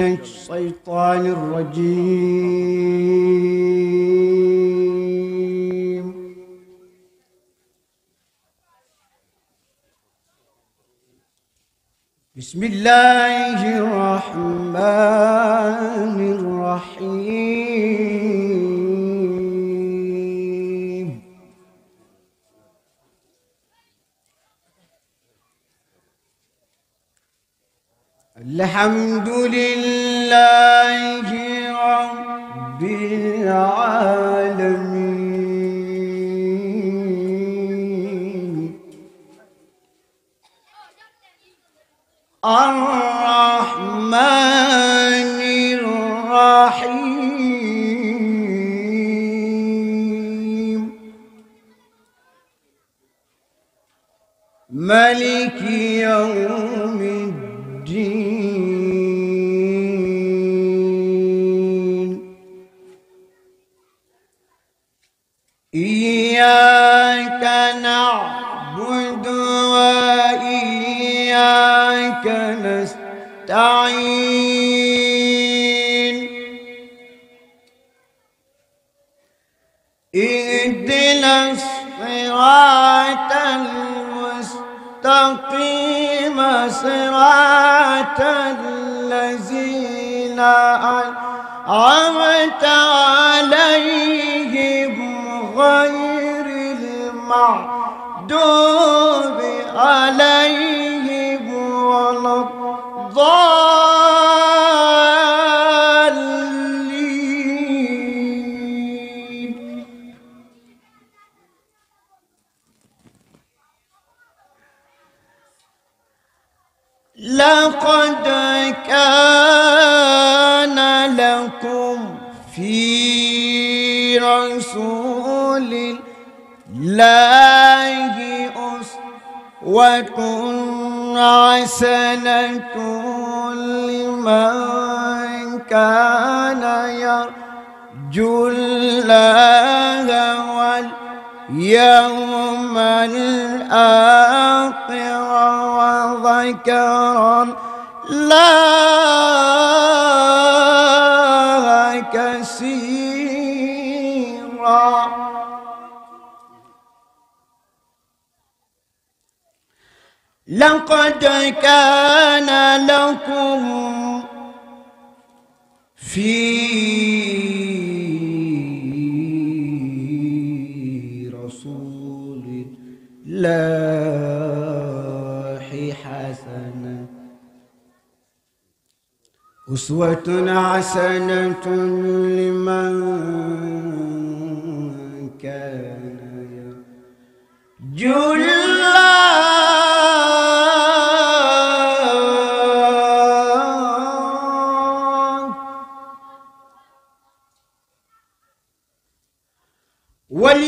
من الشيطان الرجيم بسم الله الرحمن الرحيم الحمد لله رب العالمين الرحمن الرحيم ملك يوم بك نستعين اهدنا الصراط المستقيم صراط الذين أنعمت عليهم غير المعدوب عليهم الضالين لقد كان لكم في رسول الله أسوة حسنة لمن كان يرجو الله واليوم الآخر وذكر الله لقد كان لكم في رسول الله حسنة أسوة حسنة لمن كان يرجو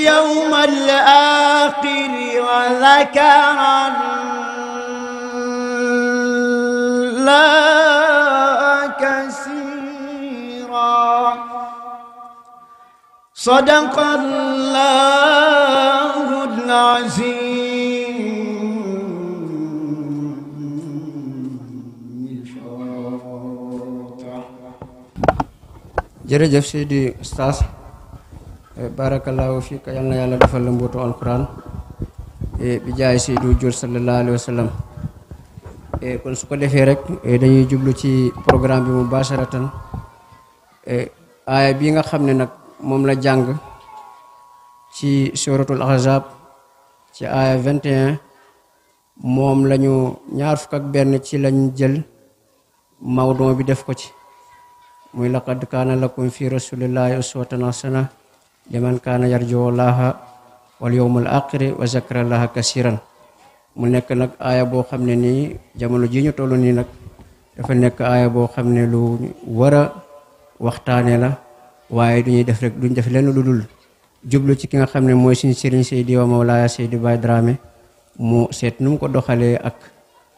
اليوم الآخر وذكر الله كثيرا صدق الله العظيم jërëjëf di Oustaz barakallahu fiik yal na yàlla defal la mbootu alquran e, bi jaay Seydou Diop sallallahu alayhi wa e, kon su ko defee rek e, dañuy jublu ci programme bi mubasharatan aaya bii nga xam ne nag moom la jàng ci suratul ahzab ci aaya moom lañu ñaar fukk ak benn ci lañ jël mawdon bi def ko ci muy laqad kaana lakum fi rasulillahi uswatan hasana liman kaana yarju llaha wal yawmal aaxiri wa zakara llaha kasiran mu nekk nag aaya boo xam ne nii jamono ji ñu toll nii nag dafa nekk aaya boo xam ne lu war a waxtaane la waaye duñuy def rek duñ def lenn lu dul jublu ci ki nga xam ne mooy suñu sëriñ Seydi wa Mawlaaya Seydi Baye Dramé mu seet nu mu ko doxalee ak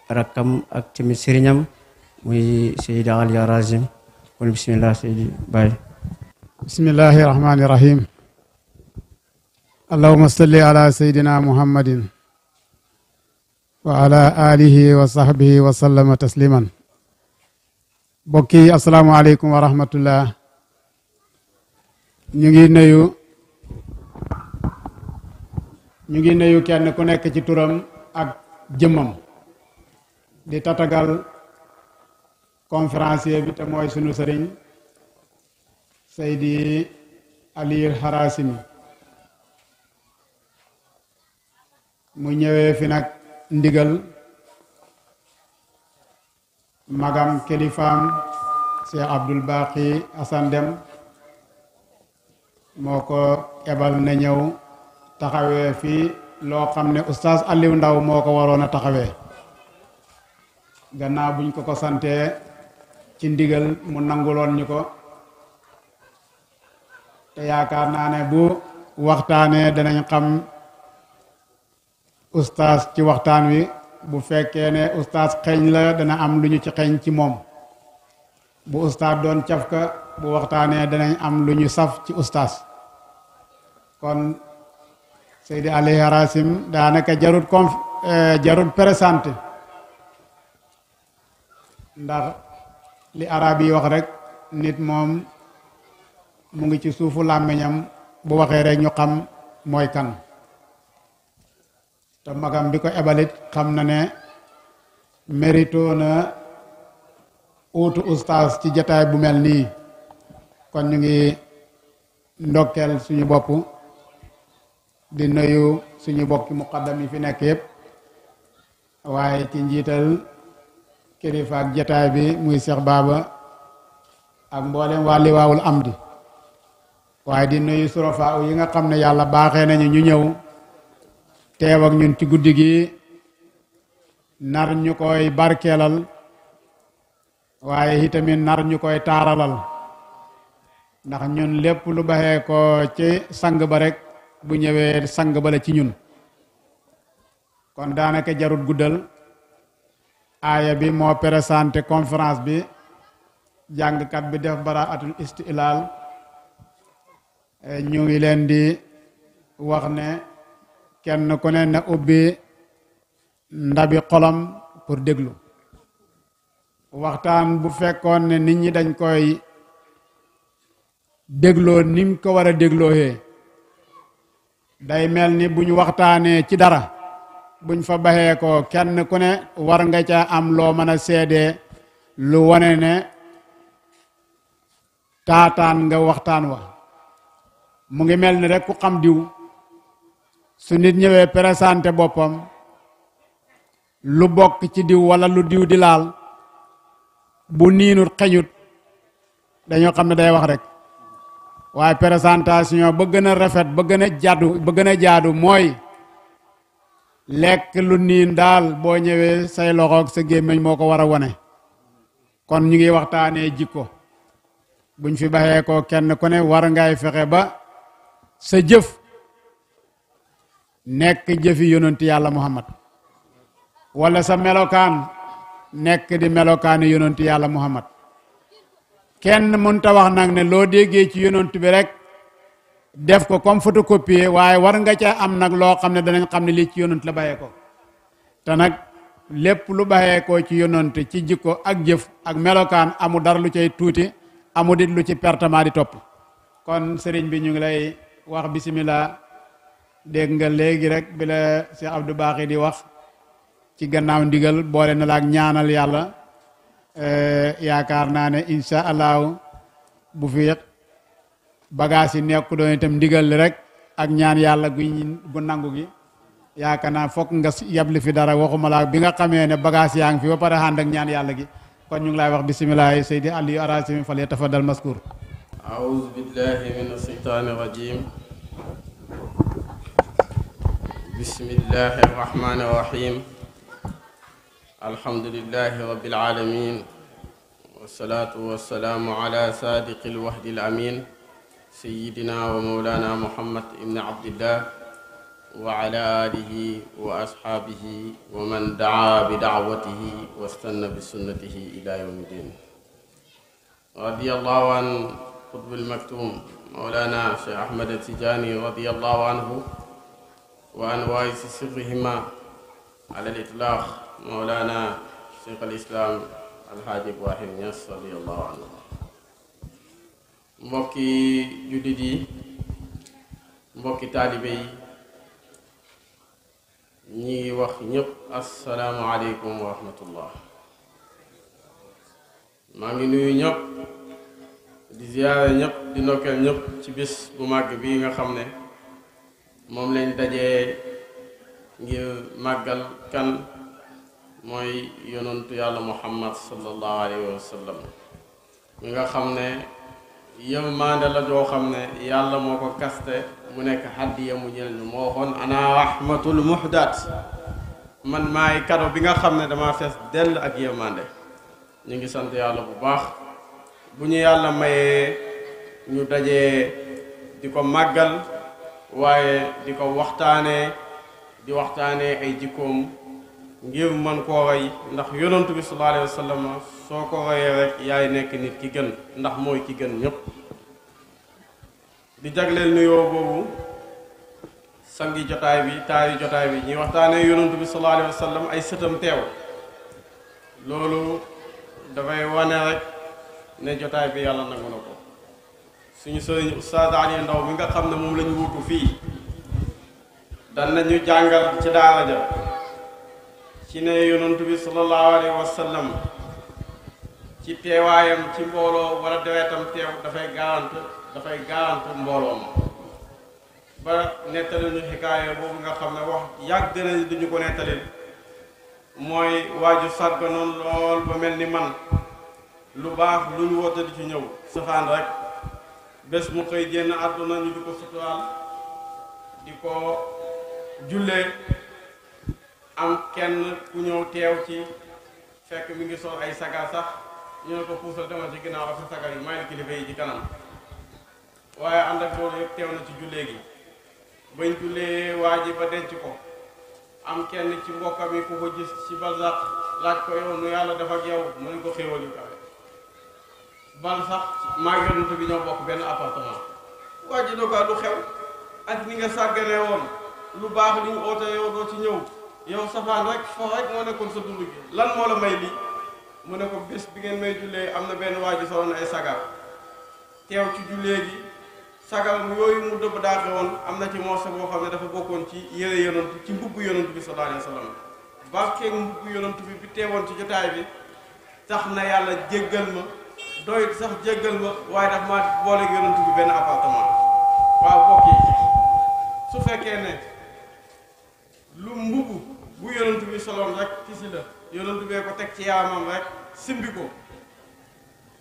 rakkam ak tamit sëriñam muy Seydi Aliya Razim kon bismillah Seydi Baye bismillahi rahmaani rahim allahuma salli ala seydina muhammadin wa ala alihi wa sahbihi wa sallama tasliman mbokk yi asalaamualeykum wa rahmatullah ñu ngi nuyu ñu ngi nuyu kenn ku nekk ci turam ak jëmmam di tatagal conférencier bi te mooy sunu sëriñ Seydi Ali Harasimi mu ñëwee fi nag ndigal magam kilifaam Cheikh Abdul Baqi Assane moo ko ebal na ñëw taxawee fii loo xam ne oustaz Aliou Ndaw moo ko waroon a taxawee gannaaw buñ ko ko santee ci ndigal mu nanguloon ñu ko te yaakaar naa ne bu waxtaanee danañ xam ustaas ci waxtaan wi bu fekkee ne ustaas xeeñ la dana am lu ñu ci xeeñ ci moom bu ustaas doon cafka bu waxtaanee danañ am lu ñu saf ci ustaas kon Seydi Ali Harasim daanaka jarut conf eh, jarut présenté ndax li arab yi wax rek nit moom mu ngi ci suufu làmmiñam bu waxee rek ñu xam mooy kan te magam bi ko ebalit xam na ne mérito na uutu ustaas ci jataay bu mel nii kon ñu ngi ndokkeel suñu bopp di nuyu suñu bokki muqaddam yi fi nekk yëpp waaye ci njiital kilifa ak jataay bi muy seex Baba ak mboolem waa liwaawul am di waaye di nuyu surafaa yi nga xam ne yàlla baaxee nañu ñu ñëw teew ak ñun ci guddi gi nar ñu koy barkeelal waaye itamit nar ñu koy taaralal ndax ñun lépp lu baxee ko ci sang ba rek bu ñëwee sang ba la ci ñun kon daanaka jarut guddal aaya bi moo présenté conférence bi jàngkat bi def atul istilal eh, ñu ngi leen di wax ne kenn ku ne na ubbee ndabi xolam pour déglu waxtaan bu fekkoon ne nit ñi dañ koy dégloo nim ko war a dégloohee day mel ni buñ waxtaanee ci dara buñ fa baxee ko kenn ku ne war nga ca am loo mën a seedee lu wane ne taataan nga waxtaan wa mu ngi mel ni rek ku xam diw su nit ñëwee présenté boppam lu bokk ci diw walla lu diw di laal bu niinut xeñut dañoo xam ne day wax rek waaye présentation ba gën a rafet ba gën a ba gën a jaadu mooy lekk lu niin daal boo ñëwee say loxo ak sa gémmiñ moo ko war a wone kon ñu ngi waxtaanee jikko buñ fi baxee ko kenn ku ne war ngay fexe ba sa jëf Nek jëfi yonenti yalla muhammad wala sa Nek nek di Melokan yonenti yalla muhammad kenn mënta wax nak ne lo dege ci yonenti bi rek def ko comme photocopier waye war nga ca am Nang lo xamne ne danañ xam ne ci yonenti la baye ko ta nak lepp lu baye ko ci yonenti ci jikko ak jëf ak melokan amu Darlu lu cey tuuti amu dit lu ci pertement di top kon serigne bi ñu ngi lay wax bismillah dégg nga legi rek bi la Cheikh Abdou bakhi di wax ci gannaaw ndigal boole na la ak ñaanal yalla euh yaakar ne insha allah bu fi bagage neeku do itam ndigal rek ak ñaan yalla gu gu nangu gi yaakana fokk nga yabli fi dara waxuma la bi nga ne bagage yaang fi ba para hand ak ñaan yalla gi kon ñu ngi lay wax bismillah Seydi ali arasim fal yatafadal maskur a'udhu billahi minash shaitani rajim بسم الله الرحمن الرحيم الحمد لله رب العالمين والصلاة والسلام على صادق الوحد الأمين سيدنا ومولانا محمد بن عبد الله وعلى آله وأصحابه ومن دعا بدعوته واستنى بسنته إلى يوم الدين رضي الله عن قطب المكتوم مولانا شيخ أحمد التجاني رضي الله عنه وانواع صفهما على الاطلاق مولانا شيخ الاسلام الحاج ابراهيم نيس رضي الله عنه مبكي جددي مبكي طالبي ني واخ نيب السلام عليكم ورحمه الله ماغي نوي نيب di ziyaare ñëpp di ndokkeel ñëpp ci bis bu màgg bii moom lañ dajee ngir màggal kan mooy yonantu yàlla muhammad sallallahu alayhi wa sallam mi nga xam ne yërmande la joo xam ne yàlla moo ko kaste mu nekk hàddiya mu jël ñu moo waxoon ana rahmatul muhdat man maay kado bi nga xam ne dama fees dell ak yërmande ñu ngi sant yàlla bu baax bu ñu yàlla mayee ñu dajee di ko màggal waaye di ko waxtaanee di waxtaanee ay jikkoom ngir man koo rey ndax yonantu bi sallallahu alayhi wa soo ko reyee rek yaay nekk nit ki gën ndax mooy ki gën ñépp di jagleel nuyoo boobu sangi jotaay bi taari jotaay bi ñuy waxtaanee yonantu bi sallallahu alayhi wa sallam ay sëtam teew loolu dafay wane rek ne jotaay bi yàlla nangu na ko suñu sëriñ Oustaz Aliou Ndao mi nga xam ne moom lañu ñu wutu fii danañu jàngal ci daara ja ci ne yonent bi sallallahu alayhi wa ci teewaayam ci mbooloo wala dewetam teew dafay garant dafay garant mbooloo ma ba nettali ñu xikaaya boobu nga xam ne wax yàgg nañ duñu ko nettali mooy waaju sàgg noonu lool ba mel ni man lu baax lu ñu woote ci ñëw safaan rek bés mu koy génn àdduna ñu di ko suturaal di ko jullee am kenn ku ñëw teew ci fekk mi ngi sol ay sagar sax ñu ne ko puusal demal ci ginnaaw ak sa sagar yi may kilifa yi ji kanam waaye ànd ak yëpp teew na ci jullee gi bañ jullee waa ji ba denc ko am kenn ci mbokkam yi ku ko gis ci barzaq laaj ko yow nu yàlla def ak mu ne ko xéewal yi bal sax maa yonent bi ñoo bokk benn appartement waa ji dokaa lu xew ak ni nga sàgganee woon lu baax li ñu oote yow doo ci ñëw yow safaan rek foo rek moo nekkoon sa dund gi lan moo la may lii mu ne ko bés bi ngeen may jullee am na benn waa ji soloon ay sagar teew ci jullee gi sagar yooyu mu dëbb daaxe woon am na ci morceau boo xam ne dafa bokkoon ci yére yonent ci mbubb yonent bi sallallahu alayhi wa sallam barkeeg mbubb yonent bi bi teewoon ci jotaay bi tax na yàlla jéggal ma doyut sax jéggal ma waaye daf ma boole yonent bi benn appartement waaw bokk yi su fekkee ne lu mbubu bu yonent bi soloon rek ci si la yonent bee ko teg ci yaamam rek simbi ko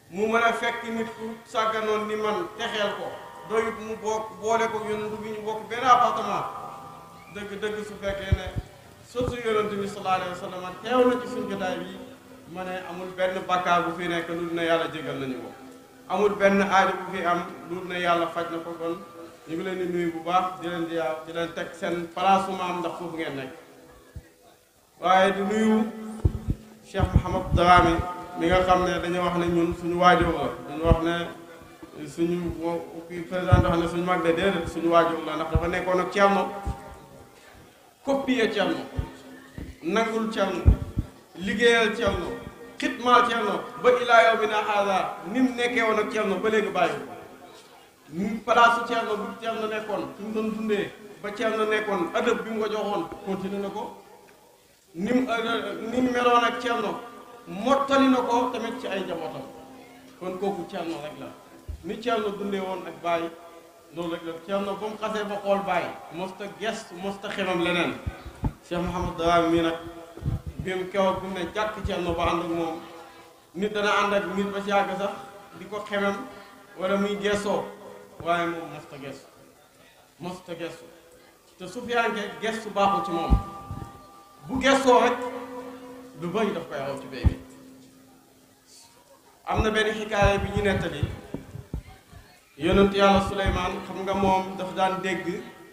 mu mën a fekk nit ku sàgganoon ni man texeel ko doyut mu bokk boole ko yonent bi ñu bokk benn appartement dëgg dëgg su fekkee ne sosu yonent bi sallallahu alayhi wa sallam teew na ci suñu jotaay bi ma amul benn bakkaar bu fi nekk lu dul ne yàlla jégal nañu ko amul benn aada bu fi am lu dul ne yàlla faj na ko kon ñu ngi leen di nuyu bu baax di leen di di leen teg seen palaasu maam ndax foofu ngeen nekk waaye di nuyu Cheikh Mouhamad Dramé mi nga xam ne dañu wax ne ñun suñu waajur la dañu wax ne suñu ne suñu mag de déedéet suñu waajur la ndax dafa nekkoon ak Thierno copier Thierno nangul Thierno liggéeyal Thierno xitmaal Thierno ba ilaa yow bi naa aasa ni nekkee woon ak Thierno ba léegi bàyyi mu palaasu Thierno bu Thierno nekkoon fi mu doon dundee ba Thierno nekkoon adab bi mu ko joxoon continué na ko euh, ni mu meloon ak Thierno mottali na ko tamit ci ay njabootam kon kooku Thierno rek la ni Thierno dundee woon ak bàyyi loolu rek la Thierno ba mu xasee ba xool bàyyi mosta gest mosta xemam leneen Cheikh Mouhamed Dramé mii nag démb keroog bu ne jàkk Thierno ba ànd ak moom nit dana ànd ak nit ba ci yàgg sax di ko xemem walla muy gessoo waaye moom mosta gestu mosta gestu te su fiyanke gestu baaxul ci moom bu gestoo rek lu bëri daf koy raw ci béy bi am na benn xikaaya bi ñu nettali yonent yàlla Suleymaan xam nga moom dafa daan dégg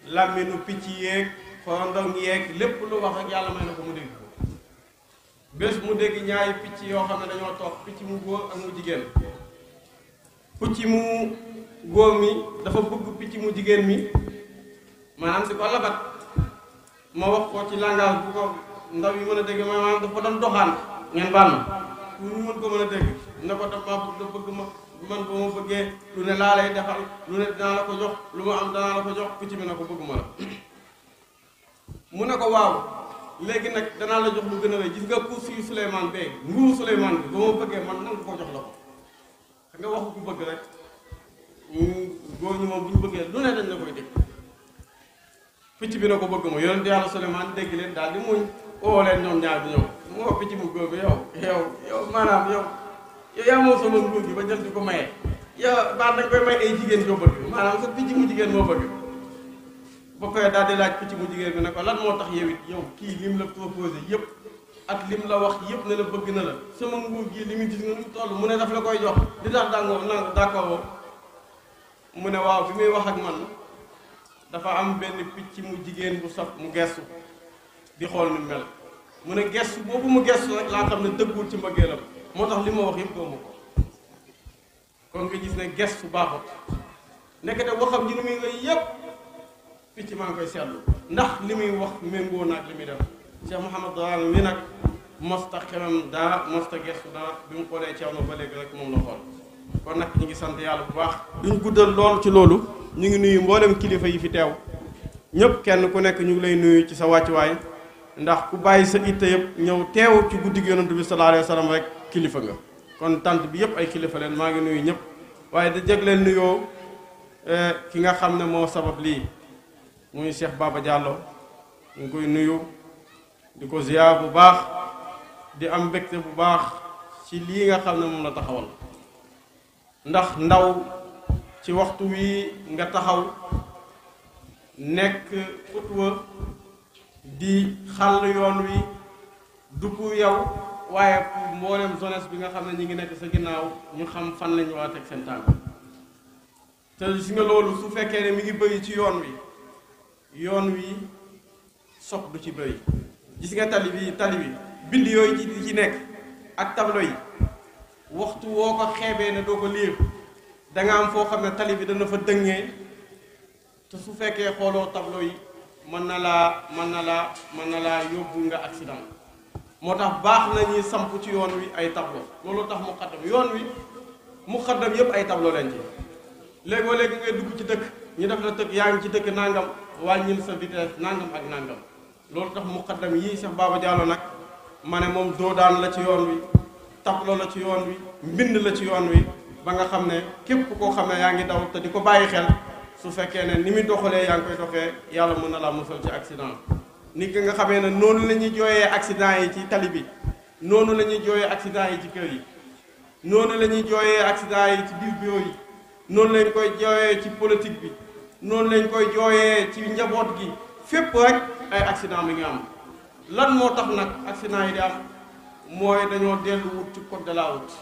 làmminu picc yéeg xorondong yéeg lépp lu wax ak yàlla may na ko mu dégg bés mu dégg ñaari picc yoo xam ne dañoo toog picc mu góor ak mu jigéen picc mu góor mi dafa bëgg picc mu jigéen mi maanaam si ko labat ma wax ko ci langage bu ko ndaw yi mën a dégg doon doxaan ngeen baal ma pour a dégg ne ko daf bëgg bëgg ma man ba ma bëggee lu ne laa lay defal lu ne dinaa la ko jox lu ma am danaa la ko jox picc mi ne ko bëgguma la mu ne ko waaw léegi nag danaa la jox lu gën a lay gis nga ku suy Souleymane bee nguuru Souleymane bi ba bëggee man nangu ko jox la ko xam nga wax ku bëgg rek góor ñi moom bu ñu bëggee lu ne dañ la koy dégg picc bi na ko bëgg ma yonent yàlla Souleymane dégg leen daal di muñ oo leen ñoom ñaar bi ñëw moo picc mu góor bi yow yow yow maanaam yow yow yaa moom sama nguur gi ba jël di ko maye yow baax dañ koy may ay jigéen joo bëgg maanaam sa picc mu jigéen moo bëgg ba pare daal di laaj picc mu jigéen bi ne ko lan moo tax yow it yow kii lim la proposé yëpp ak lim la wax yëpp ne la bëgg na la sama nguur gii li mu gis nga mu toll mu ne daf la koy jox di tax dàngoo nang d'accord mu ne waaw bi muy wax ak man dafa am benn picc mu jigéen bu saf mu gestu di xool ni mel mu ne gestu boobu mu gestu rek laa xam ne dëggul ci mbëggeelam moo tax li ma wax yëpp doomu ko kon nga gis ne gestu baaxut nekkete waxam ji ni muy yëpp picc maa ngi koy seetlu ndax li muy wax méngoo naag li muy def Cheikh Mouhamad Daal mi nag mosta xemam daa mosta gestu daa bi mu xoolee Ceerno ba léegi rek moom la xool kon nag ñu ngi sant yàlla bu baax duñ guddal lool ci loolu ñu ngi nuyu mboolem kilifa yi fi teew ñëpp kenn ku nekk ñu ngi lay nuyu ci sa wàccuwaay ndax ku bàyyi sa itte yëpp ñëw teew ci guddi gi yonent bi sallallahu alayhi wa sallam rek kilifa nga kon tant bi yëpp ay kilifa leen maa ngi nuyu ñëpp waaye da jeg leen nuyoo eh, ki nga xam ne moo sabab lii muy Cheikh Baba Diallo ñu ngi koy nuyu di ko ziar bu baax di am mbégte bu baax ci lii nga xam ne moom la taxawal ndax ndaw ci waxtu wii nga taxaw nekk xutwa di xàll yoon wi du pour yow waaye pour mboolem jeunesse bi nga xam ne ñi ngi nekk sa ginnaaw ñu xam fan lañu war a seen tànk te si nga loolu su fekkee ne mi ngi bëri ci yoon wi yoon wi sox du ci doy gis nga tali bi tali bi bind yooyu ci ci nekk ak tablo yi waxtu woo ko xeebee ne doo ko liir danga am foo xam ne tali bi dana fa dëngee te su fekkee xooloo tablo yi mën na laa mën na laa mën na laa yóbbu nga accident moo tax baax na ñuy samp ci yoon wi ay tableau loolu tax mu xaddam yoon wi mu xaddam yépp ay tablo lañ ci léegoo léegi ngay dugg ci dëkk ñu def la tëgg yaa ngi ci dëkk nangam wàññil sa vitesse nangam ak nangam loolu tax muqaddam yii Cheikh Baba Diallo nag ma ne moom doodaan la ci yoon wi tablo la ci yoon wi mbind la ci yoon wi ba nga xam ne képp koo xam ne yaa ngi daw te di ko bàyyi xel su fekkee ne ni muy doxalee yaa ngi koy doxee yàlla mën na laa musal ci accident nit ki nga xamee ne noonu la ñuy jooyee accident yi ci tali bi noonu la ñuy jooyee accident yi ci kër yi noonu lañuy ñuy jooyee accident yi ci biir bureau yi noonu lañ koy jooyee ci politique bi noonu lañ koy jooyee ci njaboot gi fépp rek ay accident mi ngi am lan moo tax nag accident yi di am mooy dañoo dellu ci code de la route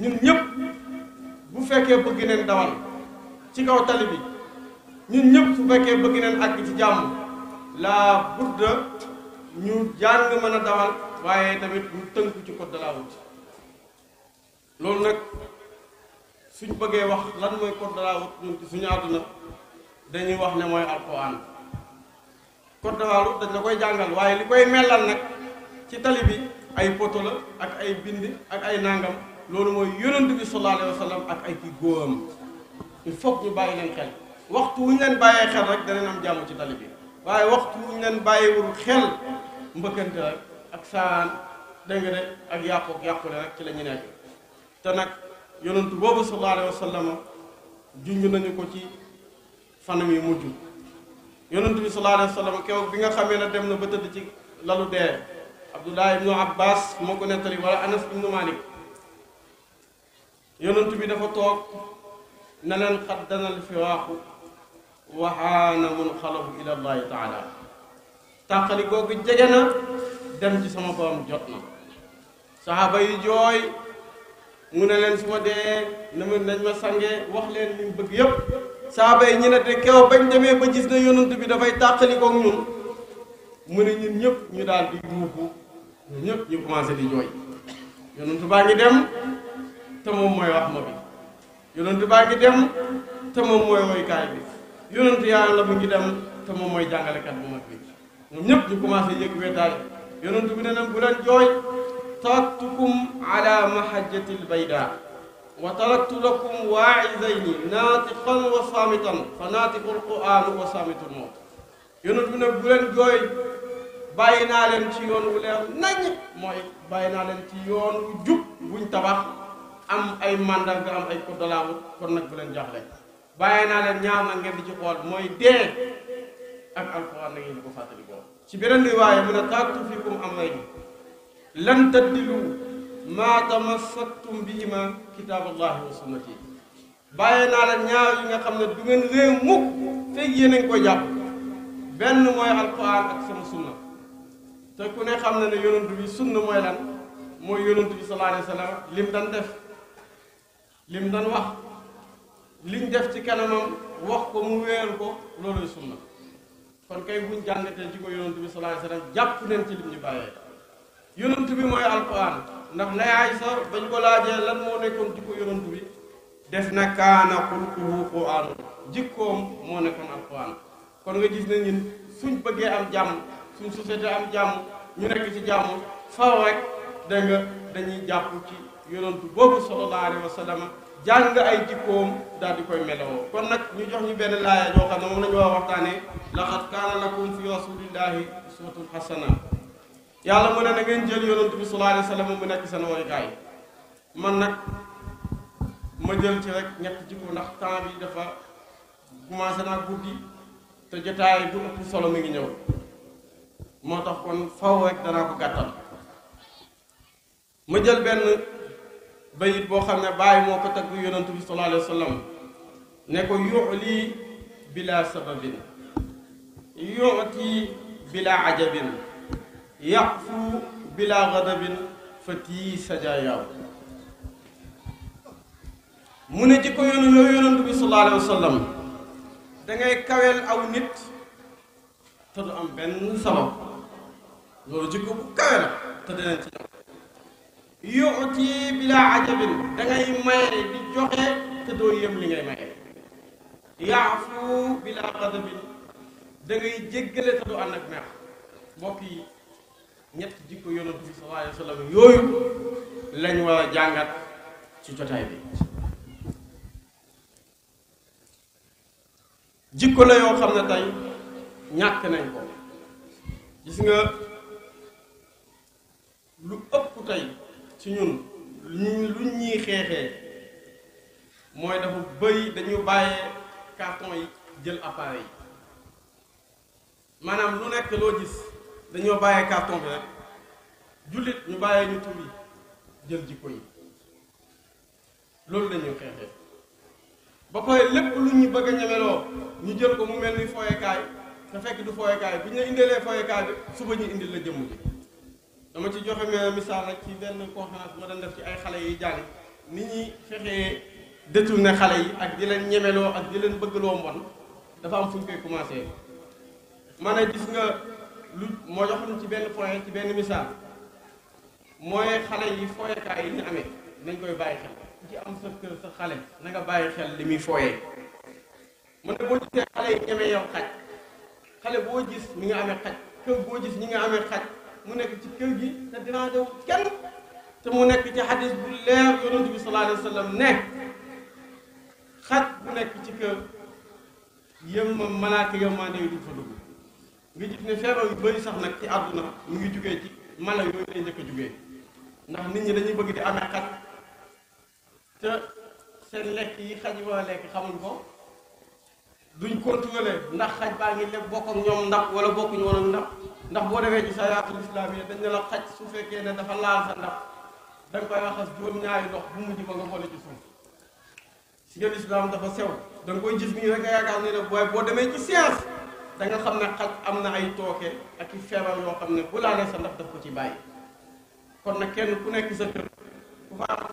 ñun ñëpp bu fekkee bëgg neen dawal ci kaw tali bi ñun ñëpp su fekkee bëgg neen bi ci jàmm la budda ñu jaar nga mën a dawal waaye tamit ñu tënku ci code de la route loolu nag suñ bëggee wax lan mooy code de la route ñun suñu àdduna dañuy wax ne mooy alxuraan code dañ la koy jàngal waaye li koy melal nag ci tali bi ay poto la ak ay bind ak ay nangam loolu mooy yonent bi sallallahu alayhi ak ay kii góoram il faut ñu bàyyi leen xel waxtu wuñu leen bàyyee xel rek danañ am jàmm ci tali bi waaye waxtu wuñu leen bàyyiwul xel mbëkkante rek ak saan dégg nga de ak yàqu yàqule rek ci la ñu nekk te nag yonent boobu sallallahu alayhi wa sallam junj nañu ko ci fanam yi mujj yonent bi sallallahu alayhi wa sallam kew bi nga xamee ne dem na ba tëdd ci lalu dee Abdullah ibnu Abbas moo ko nettali wala Anas ibnu Malik yonent bi dafa toog ne leen xat danal firaaxu waxaana mun xalahu ila allahi taala tàqali googu jege na dem ci sama borom jot na saxaaba yi jooy mu ne leen su ma dee na ma nañ ma sangee wax leen li bëgg yëpp saaba yi ñu ne te kew bañ demee ba gis ne yonent bi dafay tàqali koog ñun mu ne ñun ñëpp ñu daal di yuuxu ñëpp ñu commencé di jooy yonent baa ngi dem te moom mooy wax ma bi yonent baa ngi dem te moom mooy woykaay bi yonent yàlla mu ngi dem te moom mooy jàngalekat bu mag bi ñoom ñëpp ñu commencé yëg weetaay yonent bi ne nag bu leen jooy taktukum ala mahajjatil bayda wa taraktu lakum wa'izaini natiqan wa samitan fa natiqul qur'an wa samitul maut yunus bin bulen goy bayina len ci yoon wu leer nañ moy bayina len ci yoon wu juk buñ tabax am ay mandal nga am ay ko dalaw kon nak bulen jaxle bayina len ñaan nak ngeen ci xol moy de ak alquran ngeen ko fatali bo ci benen riwaya mu na fikum am lan taddilu maa tamassaktum bihima kitaaballahi wa sunnati bàyyi naa la ñaar yi nga xam ne du ngeen réew mukk fekk yéen a ngi koy jàpp benn mooy alquran ak sama sunna te ku ne xam na ne yonent bi sunna mooy lan mooy yonent bi sallallahu alayhi wa sallam lim dan def lim dan wax liñ def ci kanamam wax ko mu wéeru ko looluy sunna kon kay buñ jàngatee ci ko yonent bi sallallahu alayhi wa sallam jàpp neen ci lim ñu bàyyee yonent bi mooy alquran ndax ndey Aysa bañ ko laajee lan moo nekkoon jikko yonent bi def na kaana xulquhu quraan jikkoom moo nekkoon alquran kon nga gis ne ñun am jàmm suñ société am jàmm ñu nekk ci jàmm faw rek da nga dañuy jàpp ci yonent boobu sallallahu alayhi wa sallam jàng ay jikkoom daal di koy meloo kon nag ñu jox ñu benn laaya joo xam ne moom la ñu a waxtaanee laqad kaana lakum fi rasulillahi uswatun hasana yàlla mu ne na ngeen jël yonent bi sallallahu alayhi mu nekk seen woykaay man nag ma jël ci rek ñett jikko ndax temps bi dafa commencé naa guddi te jotaay bu ëpp solo mi ngi ñëw moo tax kon faw rek danaa ko gàttal ma jël benn bayit boo xam ne bàyyi moo ko tagg yonent bi sallallahu alayhi ne ko yuxli bila sababin yuti bila ajabin يعفو بلا غضب فتي سجاياو mu ne jikko yoonu yooyu yonent bi sallallahu alayhi wa sallam dangay kaweel aw nit te du am benn sabab loolu jikko bu kawe la te danañ ci ñëw yuuti bilaa ajabin dangay maye di joxe te doo yem li ngay maye yaafu bilaa xadabin dangay jéggale te du ànd ak mer mbokk yi ñett jikko yoonu bi sallallahu alayhi wa sallam yooyu lañ war a jàngat ci jotaay bi jikko la yoo xam ne tey ñàkk nañ ko gis nga lu ëpp tey ci ñun lu ñuy xeexee mooy dafa bëri dañu bàyyee carton yi jël appareil yi maanaam lu nekk loo gis dañoo bàyyee carton bi rek jullit ñu bàyyee ñu tur yi jël jikko yi loolu dañuy ñuy xeexee ba pare lépp lu ñu bëgg ñemeloo ñu jël ko mu mel ni fooyekaay te fekk du fooyekaay bi ñu la indilee fooyekaay bi suba ñu indil la jëmm ji dama ci joxe mel misaal rek ci benn conférence ma doon def ci ay xale yi jàng ni ñuy fexee ne xale yi ak di leen ñemeloo ak di leen bëggloo mbon dafa am fu ñu koy commencé maanaam nga. lu moo joxoon na ci benn point ci benn misaal mooy xale yi fooyekaay yi ñu amee dañ koy bàyyi xel ku ci am sa kër sa xale na nga bàyyi xel li muy fooyee mu ne boo gisee xale yi ñemee yow xaj xale boo gis mi nga amee xaj kër boo gis ñi nga amee xaj mu nekk ci kër gi te dérangé wu kenn te mu nekk ci xadis bu leer yonent bi sallallahu alayhi wa sallam ne xaj bu nekk ci kër yëm ma malaaka yërmande yi du fa dugg nga gis ne feebar yu bëri sax nag ci àdduna mu ngi jugee ci mala yooyu lay njëkk jugee ndax nit ñi dañuy bëgg di amee xat te seen lekk yi xaj waa lekk xamuñ ko duñ contrôlé ndax xaj baa ngi lekk bokk ak ñoom ndax wala bokkuñu woon ak ndax ndax boo demee ci sariyaatul islaam yi dañ ne la xaj su fekkee ne dafa laal sa ndax da nga koy raxas juróom-ñaari ndox bu mujj ba nga xoole ci si nga lislaam dafa sew da nga koy gis nii rek nga yaakaar ne ne booy boo demee ci da nga xam ne xaj am na ay tooke ak i feebar yoo xam ne bu laalee sa ndax daf ko ci bàyyi kon nag kenn ku nekk sa kër ku fa am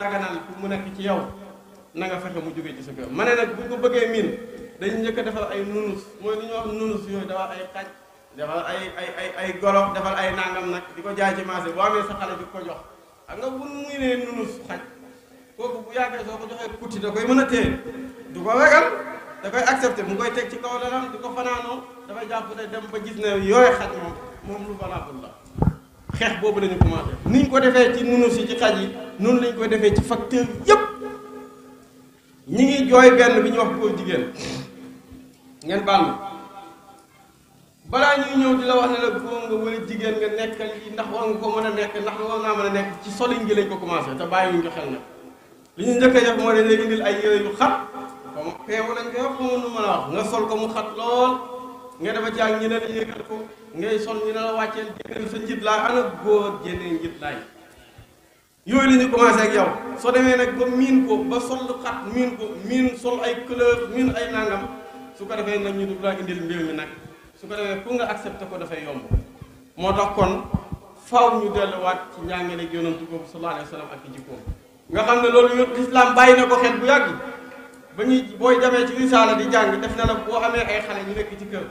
xaj mu nekk ci yow na nga fexe mu jógee ci sa kër ma ne nag bu ko bëggee miin dañ njëkk a defal ay nunus mooy li ñuy wax nunus yooyu defal ay xaj defal ay ay ay ay golo defal ay nàngam nag di ko jaay ci marché boo amee sa xale bi ko jox xam nga bu muy nunus xaj kooku bu yàggee soo ko joxee kuti da koy mën a téye du ko wegal da koy accepté mu koy teg ci kaw daram di ko fanaanoo dafay jàpp ne dem ba gis ne yooyu xaj moom moom lu valable la xeex boobu lañu commencé ni ñu ko defee ci nunu si ci xaj yi noonu lañ koy defee ci facteur yépp ñi ngi jooy benn bi ñu wax góor jigéen ngeen baal ma balaa ñuy la wax ne la góor nga wala jigéen nga nekkal yi ndax war nga ko mën a nekk ndax war naa mën a nekk ci solin gi lañ ko commencé te bàyyi ñu ko xel nag li ñu njëkk a def moo dañ lay indil ay yére yu xat moom peewu lañ koy sol ko mu xat lool nga dafa jàng ñi ne la yëgal ko ngay sol ñi ne la wàcceel jéneen sa njit laay ana góor jéneen yooyu la ñu commencé ak soo demee nag ba miin ba sol lu xat miin ko miin sol ay couleur ay nangam su ko defee nag ñu dugg laa indil mbir nag su ko defee pour nga accepté ko dafay yomb moo tax kon faaw ñu delluwaat ci njàngale ak yonantu boobu sallallahu alayhi wa sallam ak i jikkoom nga xam ne loolu yëpp lislaam bàyyi na ko xel bu yàgg ba ñuy booy demee ci risaala di jàng def na la boo amee ay xale ñu nekk ci kër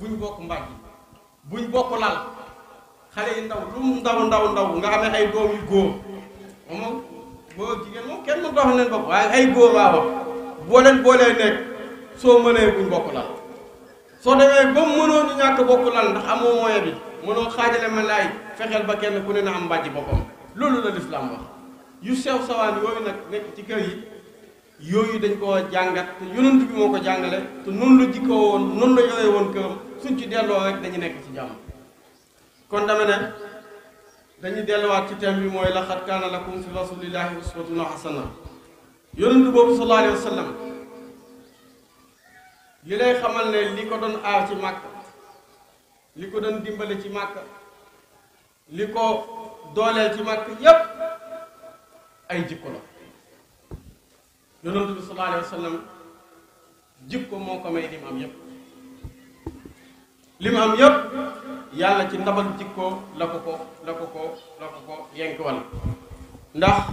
buñ bokk mbàjj buñ bokk lal xale yi ndaw lu mu ndaw ndaw ndaw nga amee ay doom yu góor moom góor moom kenn mu dox leen bopp waaye ay góor laa wax boo leen boolee nekk soo mënee buñ bokk lal soo demee ba mënoo ñu ñàkk bokk lal ndax amoo moyen bi mënoo xaajale ma laay fexeel ba kenn ku ne na am mbàjj boppam loolu la lislaam wax yu sew sawaan yooyu nag nekk ci kër yi yooyu dañ koo jàngat te yonent bi moo ko jàngale te noonu la jikkoo woon noonu la yooye woon këram suñ ci delloo rek dañu nekk ci jàmm kon dama ne dañu delluwaat ci thème bi mooy laqad kaana lakum fi rasulillahi uswatun hasana yonent boobu sallallahu alayhi wa sallam li lay xamal ne li ko doon aar ci mag li ko doon dimbale ci màkk li ko dooleel ci màkk yépp ay jikko la yonent bi sallallahu alayhi wa sallam jikko moo ko may li am yépp li am yépp yàlla ci ndabal jikko la ko ko la ko ko la ko ko yenk wal ndax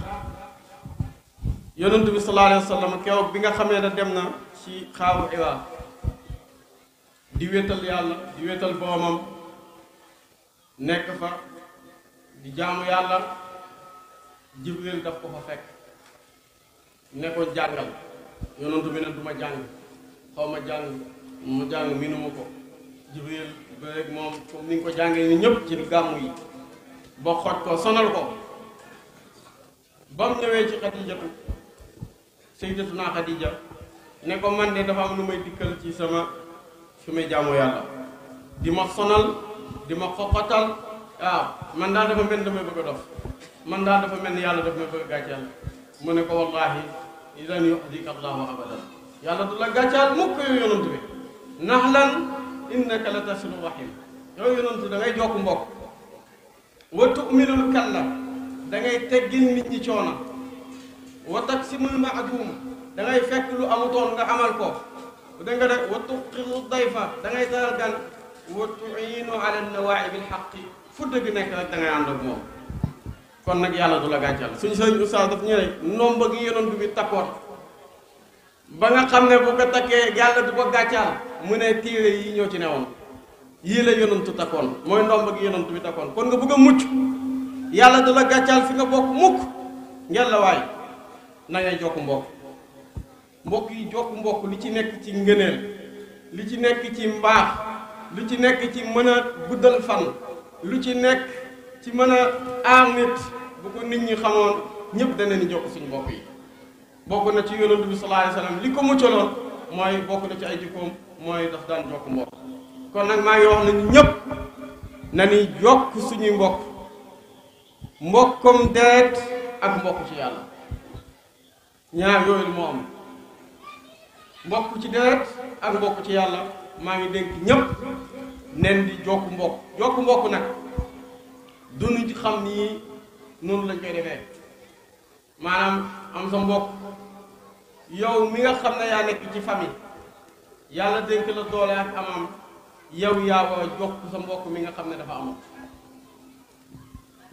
yonent bi sallallahu alayhi wa sallam bi nga xamee ne dem na ci xaaru Hiraa di wéetal yàlla di wéetal boromam nekk fa di jaamu yàlla Jibril daf ko fa fekk ne ko jàngal yonantu bi ne du ma jàng xaw ma jàng mu jàng miinu ko jibril ba rek moom comme ko jàngee ni ñëpp ci gàmmu yi ba xoj ko sonal ko ba mu ñëwee ci xadijatu sayyidatuna xadija ne ko man de dafa am lu may dikkal ci sama su may jaamu yàlla di ma sonal di ma xoxotal waaw ah, man daal dafa mel ni damay bëgg a dof man daal dafa mel ni yàlla dafa may bëgg a gàcceel mu ne ko wallahi lan yuhdika allahu abadan yàlla du la gàccaal mukk yow yonent bi ndax lan innaka la tasilu rahim yow yonent da ngay jokk mbokk wa tuminul kalla da ngay teggil nit ñi coona wa taksimul maadum da ngay fekk lu amutoon nga amal ko da nga def wa tuqiru dayfa da ngay dalal gan wa tuinu ala nawaaibi lxaqi fu dëgg nekk rek da ngay ànd ak moom kon nag yàlla du la gàccal suñu sëriñ oustaz daf ñu ne ndomba gi yonent bi takkoon ba nga xam ne bu ko takkee yàlla du ko gàccal mu ne téere yi ñoo ci newoon yii la yonent takkoon mooy ndomba gi yonent bi takkoon kon nga bëgg a mucc yàlla du la gàccal fi nga bokk mukk ngeen la waay na jokk mbokk mbokk yi jokk mbokk li ci nekk ci ngëneel li ci nekk ci mbaax li ci nekk ci mën a guddal fan lu ci nekk ci mën a aar nit bu ko nit ñi xamoon ñëpp danañu jokk suñu bopp yi bokk na ci yonent bi sallallahu alayhi wasallam li ko muccaloon mooy bokk na ci ay jikkoom mooy daf daan jokk mbokk kon nag maa ngi wax nañu ñëpp nañuy jokk suñuy mbokk mbokkum deret ak mbokk ci yàlla ñaar yooyu moo am ci deret ak ci yàlla maa ngi dénk ñëpp nen jokk mbokk jokk mbokk nag duñu xam ni noonu lañ koy defee maanaam am sa mbokk yow mi nga xam ne yaa nekk ci famille yàlla denk la doole ak amam yow yaa war jox sa mbokk mi nga xam ne dafa amul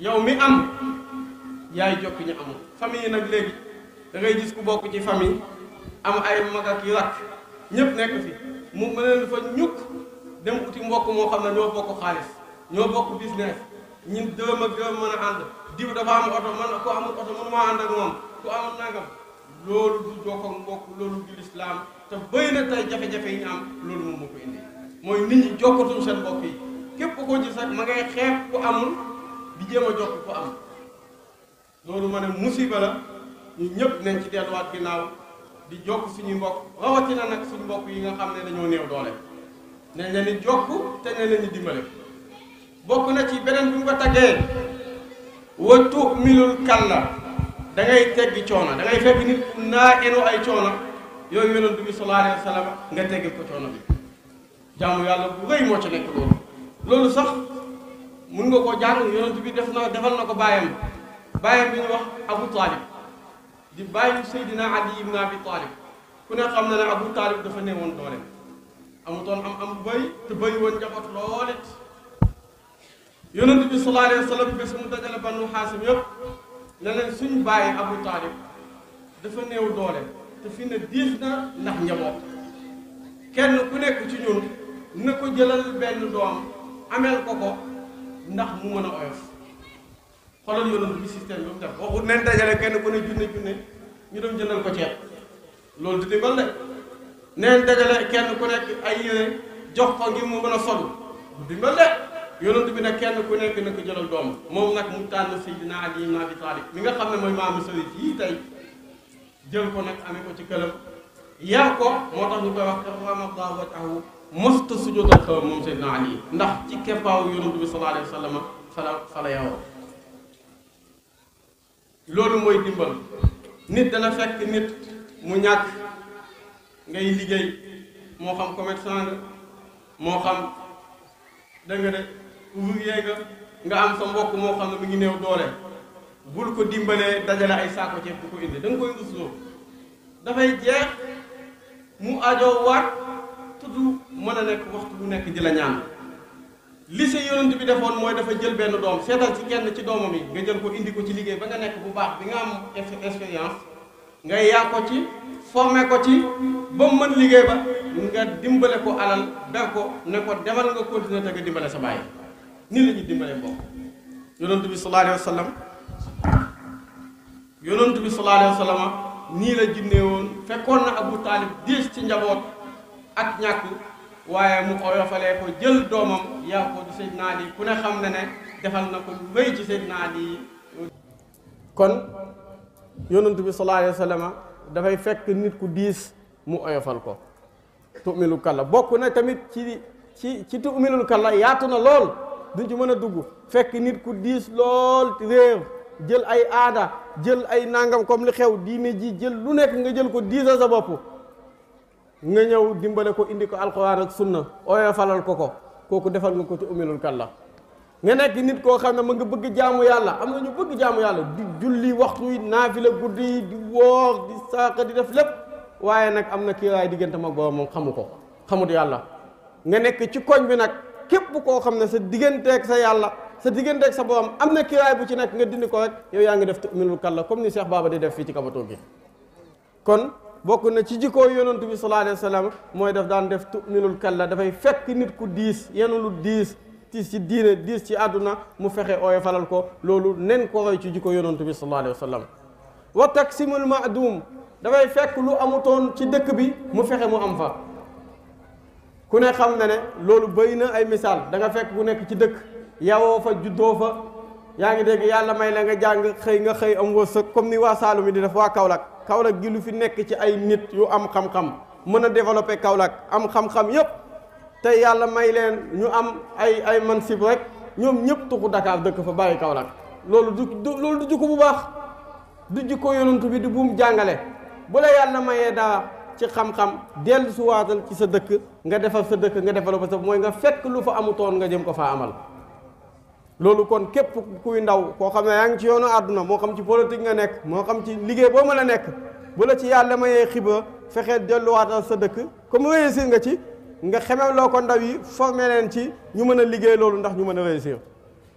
yow mi am yaay jokk ñu amul famille yi nag léegi dangay ngay gis ku bokk ci famille am ay mag ak yu rakk ñëpp mu mën fa ñukk dem uti mbokk moo xam ne ñoo bokk xaalis ñoo bokk business ñun dërëm ak dërëm mën a ànd diw dafa am oto man ku amul oto man maa ànd ak ku amul nangam loolu du jokkoog mbokk loolu du lislaam te bëri na tey jafe-jafe yi am loolu moom moo ko indi mooy nit ñi jokkatuñ seen bopp yi képp ko ci sax ma ngay xeeb ku amul di jéem a jokk ku am loolu ma ne musiba la ñu ñëpp nañ ci delluwaat ginnaaw di jokk suñuy mbokk rawatina nag suñu mbokk yi nga xam ne dañoo néew doole nañ leen di jokk te nañ leen di dimbale bokk na ci beneen bi mu ko taggee wa tuxmilul kalla da ngay teggi coono da ngay fekk nit ku naa eno ay coono yooyu yonent bi sallallahu alayhi wa nga teggi ko coono bi jaamu yàlla bu rëy moo ci nekk loolu sax mun nga ko jàng yonent bi def na defal na ko bàyyam bàyyam bi ñu wax Abu Talib di bàyyi Seydina Ali ibn Abi Talib ku ne xam na ne Abu Talib dafa néewoon doole amutoon am am bëy te bëy woon njaboot loolet يونس بن صلى الله عليه وسلم في سمو تجلى بن حاسم يب لنا سن باي ابو طالب دفني ودوله تفين ديزنا نح نيبو كين كو نيك سي نيون نكو جيلال بن دوم عمل كوكو نح مو مانا اويف خولن يونس بن سيستم يب تا بوكو نين دجالا كين كو ني جوني جوني ني دوم جيلال كو تيب لول دي ديمبال دي نين دجالا كين كو نيك اي جوخ كو غي مو مانا سولو ديمبال دي yonent bi nag kenn ku nekk na ko jëlal doom moom nag mu tànn Seydina Ali ibn Abi Talib nga xam ne mooy maamu sëriñ yii tey jël ko nag amee ko ci këram yar ko moo tax ñu koy wax karrama Allahu wajhahu mësta sujjóotal xaw moom Seydina Ali ndax ci keppaawu yonent bi sallallahu alayhi wa sallam sala sala yawo loolu mooy dimbal nit dana fekk nit mu ñàkk ngay liggéey moo xam commerçant moo xam danga ouvrier nga nga am sa mbokk moo xam ne mu ngi néew doole bul ko dimbalee dajale ay saako ceeb bu ko indi da koy rusloo dafay jeex mu ajoo waat te du mën a nekk waxtu bu nekk di la ñaan li sa yonent bi defoon mooy dafa jël benn doom seetal ci kenn ci doomam yi nga jël ko indi ko ci liggéey ba nga nekk bu baax bi nga am expérience nga yaa ko ci formé ko ci ba mu mën liggéey ba nga dimbale ko alal ber ko ne ko demal nga continuer te nga nii la ñuy dimbalee mbokk yonent bi sallallahu alayhi wa sallam bi sallallahu alayhi wa nii la jinnee woon fekkoon na Abu Taalib diis ci njaboot ak ñàkk waaye mu oyofalee ko jël doomam yaa ko di Seydina Ali ku ne xam ne ne defal na ko lu rëy ci Seydina Ali kon yonent bi sallallahu alayhi wa dafay fekk nit ku diis mu oyofal ko tu'minul kala bokk na tamit ci ci ci tu'minul kalla yaatu na lool duñ ci mën a dugg fekk nit ku diis lool réew jël ay aada jël ay nangam comme li xew diine ji jël lu nekk nga jël ko diisa sa bopp nga ñëw dimbale ko indi ko alquran ak sunna ooyo falal ko ko kooku defal nga ko ci umilul kalla nga nekk nit koo xam ne mu nga bëgg jaamu yàlla am na ñu bëgg jaamu yàlla di julli waxtu yi naafila guddi yi di woor di saaqa di def lépp waaye nag am na kiiraay diggante ma góor moom xamu ko xamut yàlla nga nekk ci koñ bi képp koo xam ne sa digganteeg sa yàlla sa digganteeg sa borom am na kiraay bu ci nekk nga dindi ko rek yow yaa ngi def tuminul kàlla comme ni Cheikh kon bokk na ci jikko yonantu bi sallallahu alayhi wa sallam mooy daf daan def tuminul kàlla dafay fekk nit ku diis yenu lu diis tiis ci diine diis ci àdduna mu fexe ooye falal ko loolu nen ko roy ci jikko yonantu bi sallallahu alayhi wa sallam wa taksimul maadum dafay fekk lu amutoon ci dëkk bi mu fexe mu am fa ku ne xam na ne loolu bëri na ay misaal da nga fekk ku nekk ci dëkk yawoo fa juddoo fa yaa ngi dégg yàlla may leen nga jàng xëy nga xëy am wërsëg comme ni waa Saalum di def waa Kaolack Kaolack gi lu fi nekk ci ay nit yu am xam-xam mën a développé Kaolack am xam-xam yépp tey yàlla may leen ñu am ay ay mansib rek ñoom ñëpp tuxu Dakar dëkk fa bàyyi Kaolack loolu du loolu du jikko bu baax du jikko yonent bi di buum jàngale bu la yàlla mayee ci xam-xam dellu su waatal ci sa dëkk nga defal sa dëkk nga defal ko sa mooy nga fekk lu fa amutoon nga jëm ko faa amal loolu kon képp kuy ndaw koo xam ne yaa ngi ci yoonu àdduna moo xam ci politique nga nekk moo xam ci liggéey boo mën a nekk bu la ci yàlla mayee xiba fexee delluwaatal sa dëkk comme réussir nga ci nga xemem loo ko ndaw yi formé leen ci ñu mën a liggéey loolu ndax ñu mën a réussir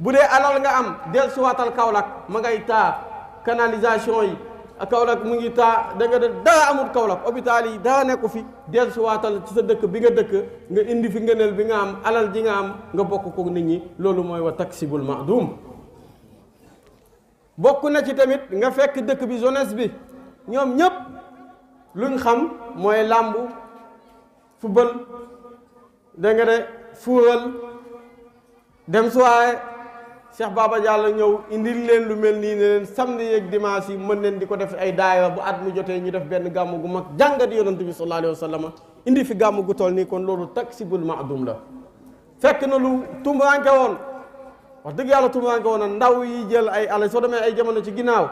bu dee alal nga am dellusiwaatal Kaolack ma ngay taa canalisation yi Kaolack mu ngi taa da nga daa amul Kaolack hôpital yi daa nekku fi dellusiwaatal ci sa dëkk bi nga dëkk nga indi fi ngëneel bi nga am alal ji nga am nga bokk ko nit ñi loolu mooy wa taksibul maadum bokk na ci tamit nga fekk dëkk bi jeunesse bi ñoom ñëpp ñu xam mooy làmb football da nga de fuural dem soirée Cheikh Baba Diallo ñëw indi leen lu mel nii ne leen samedi yeeg dimanche yi mën leen di ko def ay daayira bu at mu jotee ñu def benn gàmm gu mag jàngat yonent bi sallallahu alayhi wa sallam indi fi gàmm gu toll nii kon loolu taksibul maadum la fekk na lu tumuraanke woon wax dëgg yàlla tumuraanke woon na ndaw yi jël ay alal soo demee ay jamono ci ginnaaw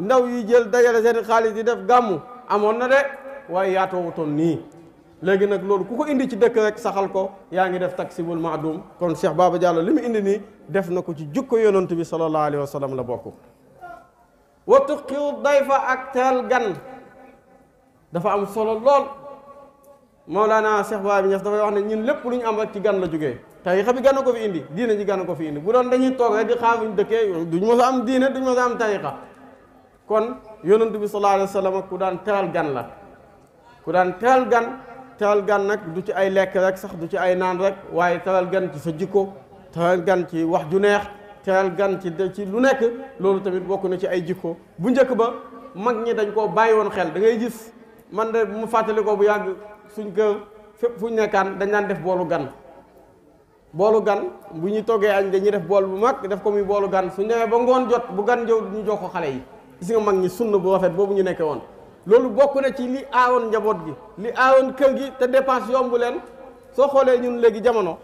ndaw yi jël dajale seen xaalis di def gàmmu amoon na de waaye yaatoo wutoon nii léegi nag loolu ku ko indi ci dëkk rek saxal ko yaa ngi def taksibul maadum kon Cheikh Baba Diallo li indi nii def na ko ci jukko yonent bi sallallahu alayhi wa sallam la bokk wattu xiw dayfa ak teel gan dafa am solo lool naa Mawlana Cheikh Baye Niass dafay wax ne ñun lépp lu ñu am rek ci gan la jóge tarixa bi gan ko fi indi diine ji gan ko fi indi bu doon dañuy toog rek di xaar buñ dëkkee duñ mos a am diine duñ mos a am tarixa kon yonent bi sallallahu alayhi wa sallam ku daan teral gan la ku daan teral gan teral gan nag du ci ay lekk rek sax du ci ay naan rek waaye teral gan sa jikko teral gan ci wax ju neex teral gan ci ci lu nekk loolu tamit bokk na ci ay jikko bu njëkk ba mag ñi dañ koo bàyyi woon xel dangay gis man de mu fàttali ko bu yàgg suñ kër fépp fuñ nekkaan dañ daan def boolu gan boolu gan bu ñu toggee añ dañuy def bool bu mag def ko muy boolu gan suñ demee ba ngoon jot bu gan jëw ñu jox ko xale yi gis nga mag ñi sunna bu rafet boobu ñu nekkee woon loolu bokk na ci li aawoon njaboot gi li aawoon kër gi te dépense yombu leen soo xoolee ñun léegi jamono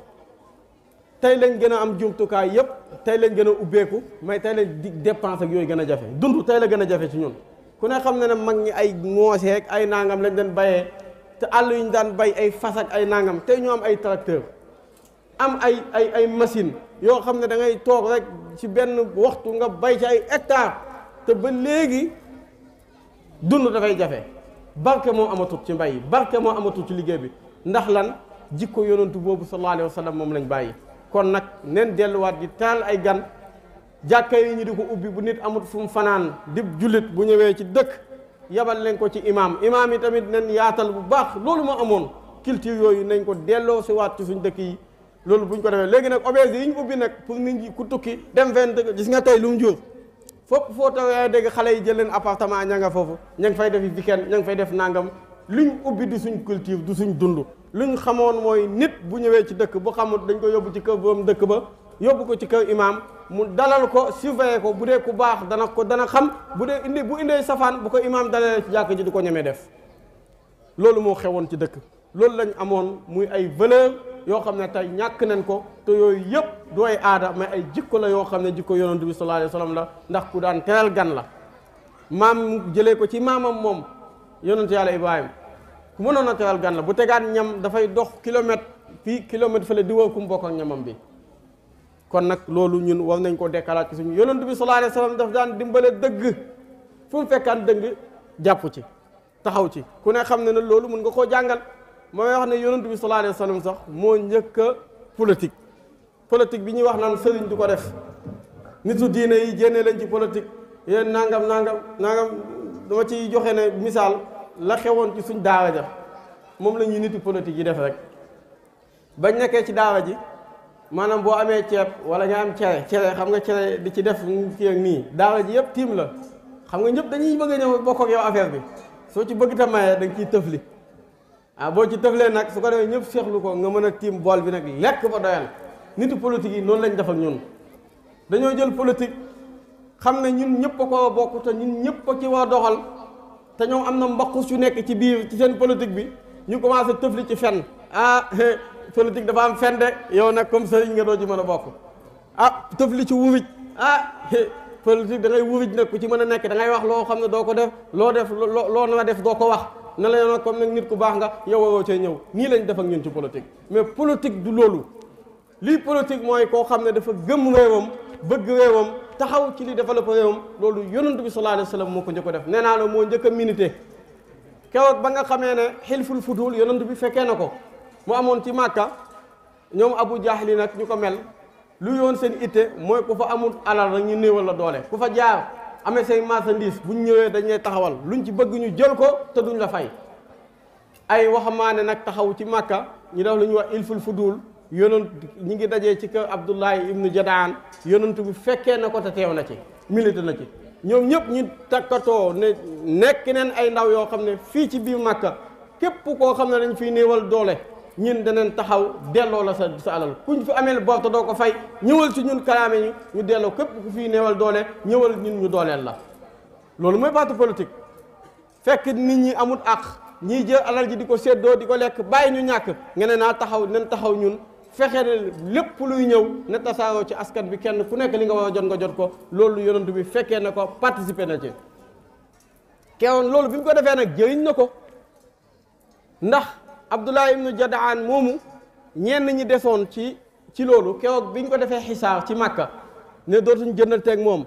tey lañ gën a am jumtukaay yëpp tey lañ gën a ubbeeku mais tey lañ di dépense ak yooyu gën a jafe dund tey la gën a jafe ci ñun ku ne xam na ne mag ñi ay ŋooseek ay nangam lañ daan bayee te àll yu ñu daan bay ay fas ay nangam tey ñu am ay tracteur am ay ay ay machine yoo xam ne da ngay toog rek ci benn waxtu nga bay ci ay hectare te ba léegi dund dafay jafe barke moo amatut ci mbay barke moo amatut ci liggéey bi ndax lan jikko yonantu boobu sallallahu alayhi wa sallam moom lañ bàyyi kon nag neen delluwaat di taal ay gan jàkka yi ñu di ko ubbi bu nit amut fu mu fanaan dib jullit bu ñëwee ci dëkk yabal leen ko ci imaam imaam yi tamit nen yaatal bu baax loolu moo amoon culture yooyu nañ ko delloo si waat ci suñ dëkk yi loolu buñ ko defee léegi nag obèse yi ñu ubbi nag pour nit ñi ku tukki dem fenn dëkk gis nga tey lu mu jur fopp foo taw yaay dégg xale yi jël leen appartement ña nga foofu ña ngi fay def weekend ña ngi fay def nangam luñ ubbi du suñ culture du suñ dund li ñu xamoon mooy nit bu ñëwee ci dëkk bu xamul dañ ko yóbbu ci kër boom dëkk ba yóbbu ko ci kër imaam mu dalal ko surveiller ko bu dee ku baax dana ko dana xam bu dee indi bu indee safaan bu ko imaam dalalee ci jàkk ji du ko ñemee def loolu moo xewoon ci dëkk loolu lañ amoon muy ay valeur yoo xam ne tey ñàkk nañ ko te yooyu yëpp du ay aada mais ay jikko la yoo xam ne jikko yonent bi sallallahu alayhi wasallam la ndax ku daan teral gan la maam mu jëlee ko ci maamam moom yonent yàlla Ibrahima ku mënoon a teral gan la bu tegaat ñam dafay dox kilomètre fii kilomètre fële di wër ku mu ak ñamam bi kon nag loolu ñun wax nañ koo dekkalaat ci suñu yonent bi sallallahu alayhi wasallam daf daan dimbale dëgg fu mu fekkaan dëgg jàpp ci taxaw ci ku ne xam ne ne loolu mun nga koo jàngal mooy wax ne yonent bi sallallahu alayhi wasallam sax moo njëkk a politique bi ñuy wax naan sëriñ du ko def nit nitu diine yi jénne leen ci politique yéen nangam nangam nangam dama ciy joxe ne misaal la xewoon ci suñ daara ja moom la ñuy niti politique yi def rek bañ nekkee ci daara ji maanaam boo amee ceeb wala nga am cere cere xam nga cere di ci def kii ak nii daara ji yëpp tiim la xam nga ñëpp dañuy bëgg a ñëw bokk ak yow affaire bi soo ci bëgg ta maye da nga ciy tëfli ah, boo ci tëflee nag su ko defee ñëpp seexlu ko nga mën a tiim bool bi nag lekk ba doyal niti politique yi noonu lañ def ñun dañoo jël politique xam ne ñun ñëpp ko koo bokk te ñun ñëpp a ci war doxal te ñoom am na mbaqus su nekk ci biir ci seen politique bi ñu commencé tëfli ci fenn ah politique dafa am fen de yow nag comme sëriñ nga doo ci mën a bokk ah tëfli ci wuruj ah politique da ngay wuruj nag ku ci mën a nekk da ngay wax loo xam ne doo ko def loo def loo nar a def doo ko wax ne la nag comme nag nit ku baax nga yow waroo cee ñëw nii lañ def ak ñun ci politique mais politique du loolu lii politique mooy koo xam ne dafa gëm réewam bëgg réewam taxaw ci li développé réewam loolu yonent bi sallallahu alayhi wa sallam moo ko njëkk a def nee moo njëkk a kewoot ba nga xamee ne xilful fudul yonent bi fekkee ne ko mu amoon ci màkka ñoom abu jaahli nag ñu ko mel lu yoon seen itte mooy ku fa amul alal rek ñu néewal la doole ku fa jaar amee say marchandise buñ ñëwee dañ lay taxawal luñ ci bëgg ñu jël ko te duñ la fay ay waxamaane nag taxaw ci màkka ñu def lu ñuy wax xilful fudul yonent ñi ngi dajee ci kër Abdullahi ibnu Jadaan yonent bi fekkee na ko te teew na ci milité na ci ñoom ñëpp ñu takkatoo ne nekk neen ay ndaw yoo xam ne fii ci biir Màkka képp koo xam ne dañ fiy néewal doole ñun danañ taxaw delloo la sa sa alal kuñ fi amee bor doo ko fay ñëwal ci ñun kalaame ñi ñu delloo képp ku fiy néewal doole ñëwal ñun ñu dooleel la loolu mooy baatu politique fekk nit ñi amut àq ñii jël alal ji di ko seddoo di ko lekk bàyyi ñu ñàkk nga naa taxaw nañ taxaw ñun fexe lépp luy ñëw ne tasaaroo ci askan bi kenn ku nekk li nga war a jot nga jot ko loolu yonent bi fekkee na ko participer na ci kewoon loolu bi mu ko defee nag jëriñ na ko ndax Abdullah ibnu Jadaan moomu ñenn ñi defoon ci ci loolu keroog bi ñu ko defee xisaar ci màkka ne dootuñ jëndanteeg moom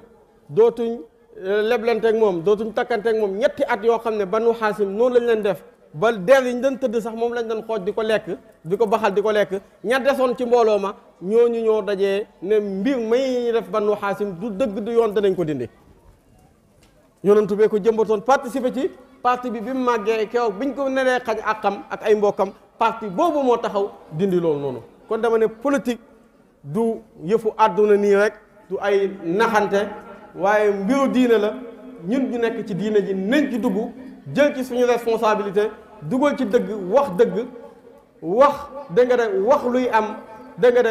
dootuñ euh, leblanteeg moom dootuñ takkanteek moom ñetti at yoo xam ne banu xaasim noonu lañ leen def ba der yi ñu doon tëdd sax moom lañu doon xooj di ko lekk di ko baxal di ko lekk ña desoon ci mbooloo ma ñu ñoo dajee ne mbir may def ba nu xaasim du dëgg du yoon danañ ko dindi yonentu bee ko jëmbatoon participer ci parti bi bi mu màggee kew biñ ko neree xañ àqam ak ay mbokkam parti boobu moo taxaw dindi loolu noonu kon dama ne politique du yëfu àdduna nii rek du ay naxante waaye mbiru diine la ñun ñu nekk ci diine ji nañ ci dugg jël ci suñu responsabilité dugal ci dëgg wax dëgg wax da wax luy am da nga de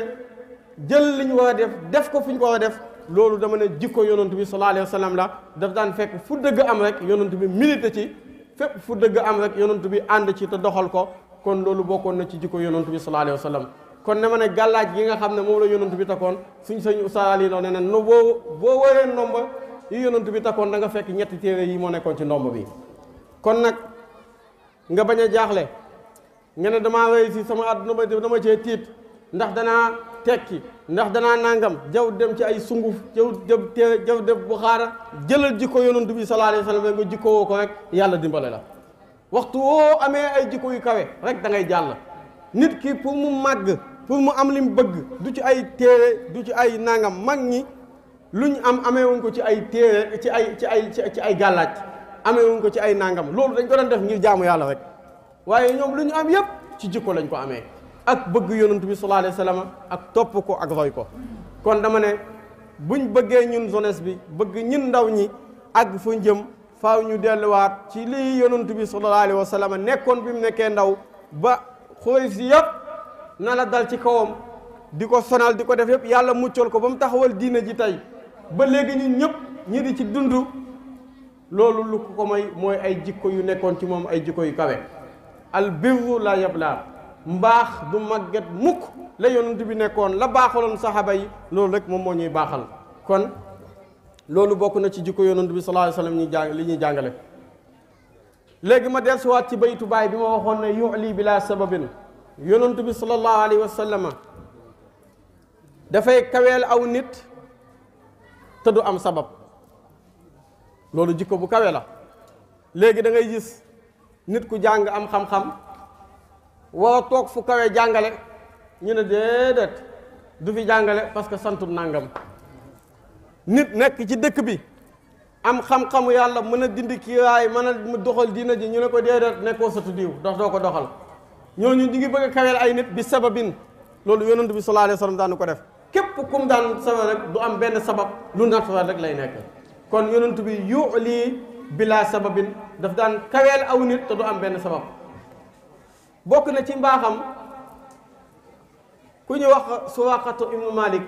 jël li ñu war a def def ko fu ñu ko war a def loolu dama ne jikko yonent bi sallallahu alayhi wa la daf daan fekk fu dëgg am rek yonent bi milité ci fépp fu dëgg am rek yonent bi ànd ci te doxal ko kon loolu bokkoon na ci jikko yonent bi sallallahu alayhi wa kon ne ma ne gàllaaj gi nga xam ne moom la yonent bi takkoon suñ sëñ Oustaz Alioune ne ne boo boo wëree ndomba yi yonent bi takkoon da nga fekk ñetti téere yi moo nekkoon ci ndomb bi kon nag nga bañ a jaaxle nga ne damaa réussir sama àdduna ba dama cee tiit ndax danaa tekki ndax danaa nangam jaw dem ci ay sunguf jaw dem te jaw dem bu xaara jëlal jikko yonantu bi sallallahu alayhi wa sallam nga jikko woo ko rek yàlla dimbale la waxtu woo amee ay jikko yu kawe rek dangay ngay jàll nit ki pour mu màgg pour mu am lim bëgg du ci ay téere du ci ay nangam mag ñi luñ am amee wuñ ko ci ay téere ci ay ci ay ci ay gàllaaj ameewuñ ko ci ay nangam loolu dañ ko doon def ngir jaamu yàlla rek waaye ñoom lu ñu am yépp ci jikko lañ ko amee ak bëgg yonantu bi sallallahu alayhi ak topp ko ak roy ko kon dama ne buñ bëggee ñun jeunesse bi bëgg ñun ndaw ñi ak fu jëm faw ñu delluwaat ci lii yonantu bi sallallahu alayhi wa sallam nekkoon bi mu nekkee ndaw ba xooy si yépp na la dal ci kawam di ko sonal di ko def yépp yàlla muccool ko ba mu taxawal diina ji tey ba léegi ñun ñëpp ñi di ci dund lolou lu ko may moy ay jikko yu nekkon ci mom ay jikko yu kawe al birru la yabla mbax du màgget muk la yonent bi nekkon la baxalon sahaba yi lolou rek mom mo ñuy baxal kon lolou bokku na ci jikko yonent bi sallallahu alayhi wasallam ñi jàng li ñi jàngale legi ma wat ci baytu bay bi ma waxon ne yu'li bila sababin yonent bi sallallahu alayhi wasallam da fay kawel aw nit te du am sabab loolu jikko bu kawee la léegi da ngay gis nit ku jàng am xam-xam war a toog fu kawe jàngale ñu ne déedéet du fi jàngale parce que santu nangam nit nekk ci dëkk bi am xam-xamu yàlla mën a dindi kiiraay mën a doxal diina ji ñu ne ko déedéet nekkoo satu diw dox doo ko doxal ñooñu ñu ngi bëgg a kaweel ay nit bi sababin loolu yonent bi sallallahu alayhi wa sallam ko def képp kum daan sabab rek du am benn sabab lu naturel rek lay nekk kon yonent bi yu'li bila sababin daf dan kawel aw nit to do am ben sabab bok na ci mbaxam ku ñu wax suwaqatu ibn malik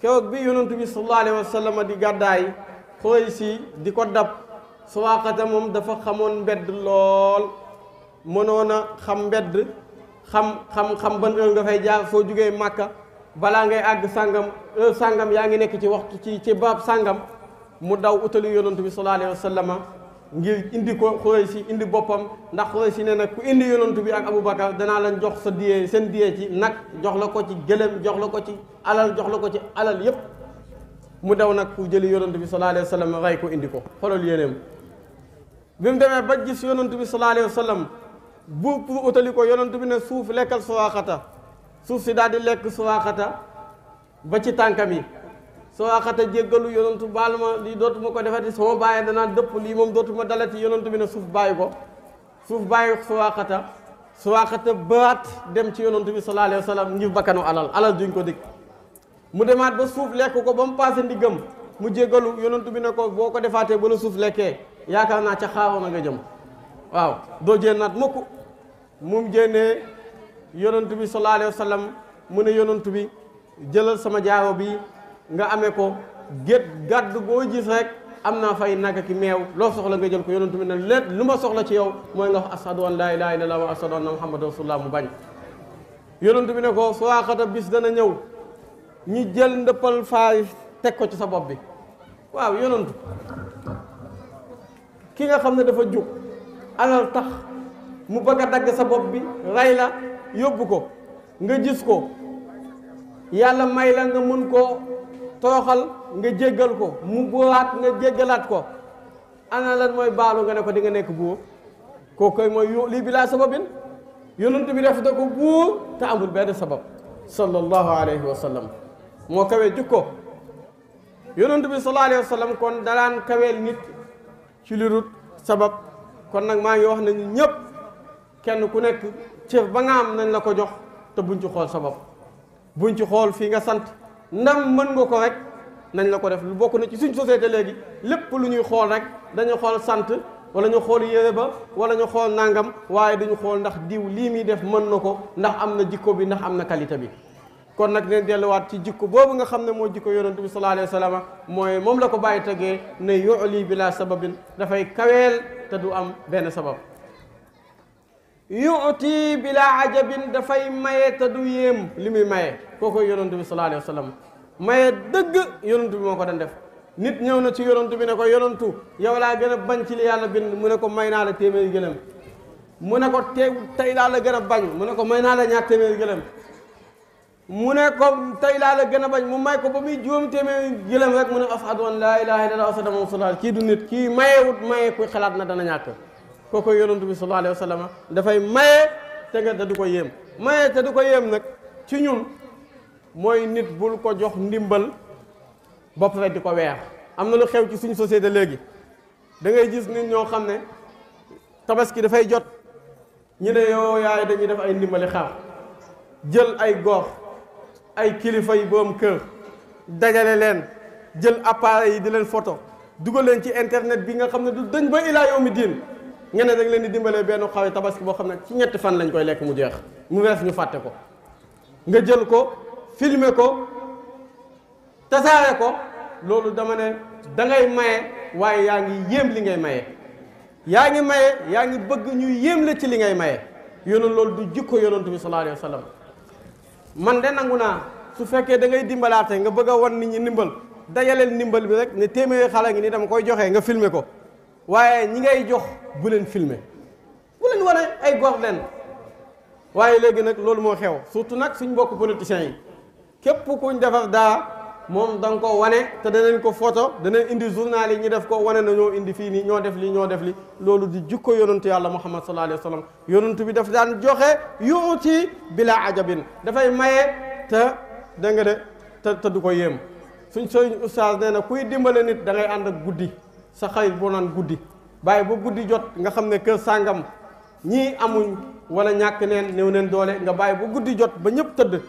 keroog bi yonent bi sallallahu Alaihi Wasallam di di gàddaay xuraysi di ko dab suwaqata mom dafa xamone mbedd lol monona xam mbedd xam xam xam ban heure nga fay jaar fo jugee makka bala ngay ag sangam sangam yaangi nek ci waxtu ci ci bab sangam mu daw utali yonent bi sallallahu alayhi wa ngir indi ko xurey indi bopam ndax xurey si nee ku indi yonentou bi ak abou bakkar dana lan jox sa diye sen diye ci nak jox la ko ci gëlëm jox la ko ci alal jox la ko ci alal yep mu daw nak ku jëli yonentou bi sallallahu alayhi wasallam ray ko indi ko xolal yenem bi deme ba gis yonentou bi sallallahu alayhi wasallam bu pour utali ko yonentou bi ne souf lekal suraaxata souf si daal di lekk suraaxata ba ci tankami soo axata jéggalu yonantu baal ma lii dootuma ko defati sama bàyyi danaan dëpp lii moom dootuma dalati yonantu bi ne suuf bàyyi ko suuf bàyyi ko soo axata soo axata baat dem ci yonantu bi sallallahu alayhi wa sallam ngir bakkanu alal alal ko dikk mu demaat ba suuf lekk ko ba mu paase ndiggam mu jéggalu yonantu bi ne ko boo ko defaatee ba la suuf lekkee yaakaar naa ca xaaroon a nga jëm waaw doo jénnaat mukk moom jénnee yonantu bi sallallahu alayhi wa sallam mu ne yonantu bi jëlal sama jaaro bi nga amee ko gét gàdd boo gis rek am naa fay nag ki meew loo soxla nga jël ko yonent bi ne lépp lu ma soxla ci yow mooy nga wax ashadu an laay ilaaha illallaah wa ashadu anna muhammadan rasulullah mu bañ yonent bi ne ko Suraaqa bis dana ñëw ñu jël ndëppal faay teg ko ci sa bopp bi waaw yonent ki nga xam ne dafa jug alal tax mu bëgg a dagg sa bopp bi rey la yóbbu ko nga gis ko yàlla may la nga mën koo tooxal nga jéggal ko mu buwaat nga jéggalaat ko ana lan mooy baalu nga ne ko di nga nekk buur kooku koy mooy yu lii bi laa sababin yonent bi def da ko buur te amul benn sabab sallallahu alayhi wa moo kawe jukko yonent bi sallallahu alayhi wa sallam kon danaan kaweel nit ci lu dul sabab kon nag maa ngi wax nañu ñëpp kenn ku nekk cëf ba nga am nañ la ko jox te buñ ci xool sabab buñ ci xool fii nga sant ndam mën nga ko rek nañ la ko def lu bokk na ci suñ société léegi lépp lu ñuy xool rek dañu xool sant wala ñu xool yére ba wala ñu xool nangam waaye dañu xool ndax diw lii muy def mën na ko ndax am na jikko bi ndax am na qualité bi kon nag ne delluwaat ci jikko boobu nga xam ne moo jikko yonent bi salaa alayhi wa sallam mooy moom la ko bàyyi tegee ne lii yuli bila sababin dafay kaweel te du am benn sabab yuuti bila ajabin dafay maye te du yéem li muy maye kooku yonantu bi sallallahu alayhi wa sallam maye dëgg yonantu bi moo ko dem def nit ñëw na ci yonantu bi ne ko yonantu yow laa gën a bañ ci li yàlla bind mu ne ko may naa la téeméeri gëlëm mu ne ko te tey laa la gën a bañ mu ne ko may naa la ñaar téeméeri gëlëm mu ko tey laa la gën bañ mu may ba muy juróom téeméeri gëlëm rek mu ne ashadu an laa ilaha illallah wa sallam kii du nit kii mayewut maye kuy xalaat na dana ñàkk kooku yonantu bi sallallahu alayhi wa dafay maye te nga du ko yéem maye te du ko yem nag ci ñun mooy nit bul ko jox ndimbal ba pare di ko weer am na lu xew ci suñu société léegi dangay gis nit ñoo xam ne tabaski dafay jot ñu ne yaay dañuy def ay ndimbali xaar jël ay gox ay kilifa yi boom kër dajale leen jël appareil yi di leen photo dugal leen ci internet bi nga xam ne du dañ ba ilaa yawmi diin nga ne rek leen di dimbalee benn xaw tabaski boo xam ne ci ñetti fan lañ koy lekk mu jeex mu wees ñu fàtte ko nga jël ko filmer ko tasaare ko loolu dama ne da ngay maye waaye yaa ngi yéem li ngay maye yaa ngi maye yaa ngi bëgg ñu yéem la ci li ngay maye yonoon loolu du jikko yonantu bi sallallahu alayhi wa man de nangu naa su fekkee da ngay dimbalaate nga bëgg a wan nit ñi ndimbal dajaleel ndimbal bi rek ne téeméer xale ngi ni dama koy joxe nga filmer ko waaye ñi ngay jox bu leen filme bu leen wane ay góor leen waaye léegi nag loolu moo xew surtout nag suñ bokk politiciens yi képp kuñ defar daa moom da nga ko wane te danañ ko photo danañ indi journal yi ñu def ko wane na ñoo indi fii nii ñoo def li ñoo def li loolu di jukko yonantu yàlla muhammad sallallahu alayhi wa sallam yonantu bi daf daan joxe yuuti bila ajabin dafay maye te da nga de te du ko yéem suñ sooy ustaas nee na kuy dimbale nit dangay ànd ak guddi sa xarit boo naan guddi bàyyi ba guddi jot nga xam ne kër sàngam ñii amuñ wala ñàkk neen néew neen doole nga bàyyi ba guddi jot ba ñëpp tëdd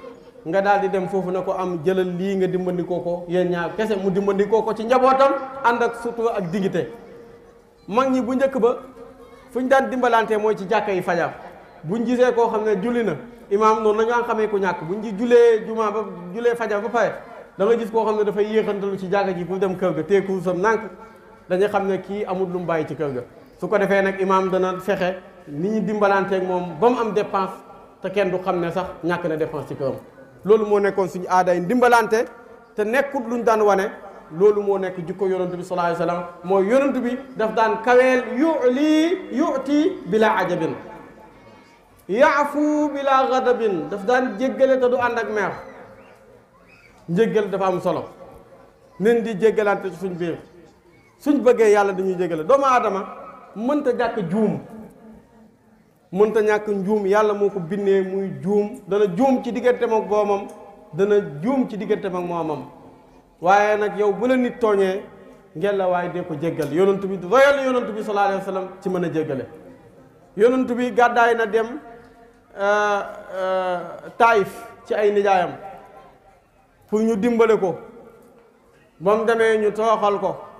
nga daal di dem foofu ne ko am jëlal lii nga dimbandikoo ko yéen ñaar kese mu dimbandikoo ko ci njabootam ànd ak sutura ak dignité mag ñi bu njëkk ba fu ñu daan dimbalante mooy ci jàkka yi fajar buñ jisee koo xam ne julli na imaam noonu la ñu daan xamee ku ñàkk buñ ci julee jumaa ba julee fajar ba pare da nga gis koo xam ne dafay yéexantalu ci jàkka ji pour dem kër ga teeku sam nànk dañu xamne ki amul lu mu ci kër ga su ko defé nak imam dana fexe ni ñi dimbalanté ak mom bam am dépense te kenn du xamné sax ñak na dépense ci këram lolu mo nekkon suñu aaday dimbalante te nekkul luñu daan wane lolu mo nekk jikko yonent bi sallallahu alayhi wasallam sallam mooy bi daf daan kawel yuli yuti bila ajabin yaafu bila gadabin daf daan jéggale te du ànd ak meer njéggal dafa am solo nen di jéggalante ci biir suñ bëggee yàlla dañuy jégale doomu aadama mënta jàkk juum mënta ñàkk njuum yàlla moo ko bindee muy juum dana juum ci diggante ak mam dana juum ci diggante ak moomam waaye nag yow bu la nit tooñee ngel la waaye dee ko jéggal yonent bi royal yonent bi sallallahu alayhi wa ci mën a jéggale yonent bi gàddaay na dem euh, euh, taayif ci ay nijaayam pour ñu dimbale ko ba mu demee ñu tooxal ko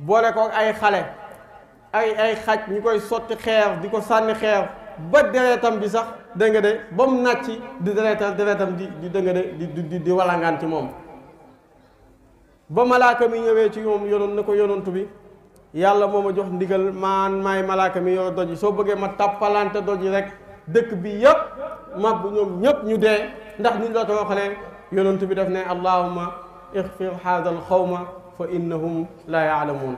boole ko ay xale ay ay xaj ñu koy sotti xeer di ko sànni xeer ba deretam bi sax dégg nga de ba mu nàcc di deretam deretam di di dégg nga de di di di walangaan ci moom ba malaaka mi ñëwee ci moom yonoon na ko yonantu bi yàlla moo ma jox ndigal maan maay malaaka mi yor doj soo bëggee ma tàppalante doj rek dëkk bi yëpp ma bu ñoom ñëpp ñu dee ndax ni ñu la tooxalee yonantu bi daf ne allahumma ixfir haadal xawma فإنهم لا يعلمون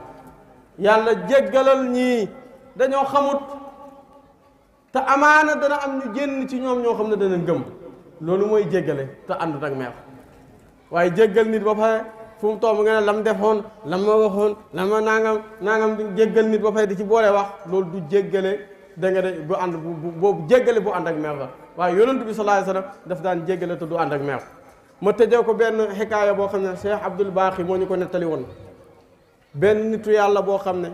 يلا جيغالال ني دانيو خاموت تا امانة دا ام ني جين سي نيوم ньо خامنا دا نان گم لولو موي جيغالي تا اند تاك ميخ واي جيغال نيت بافا فوم توم غينا لام ديفون لام ما واخون لام ما نانغام نانغام جيغال نيت بافا دي سي بولاي واخ لول دو جيغالي دا نغا دي بو اند بو جيغالي بو اند تاك ميخ واي يونتبي صلى الله عليه وسلم داف دان جيغالي تو دو اند تاك ميخ ma tëjee ko benn xikaaya boo xam ne Cheikh Abdul Baaxi moo ñu ko nettali woon benn nitu yàlla boo xam ne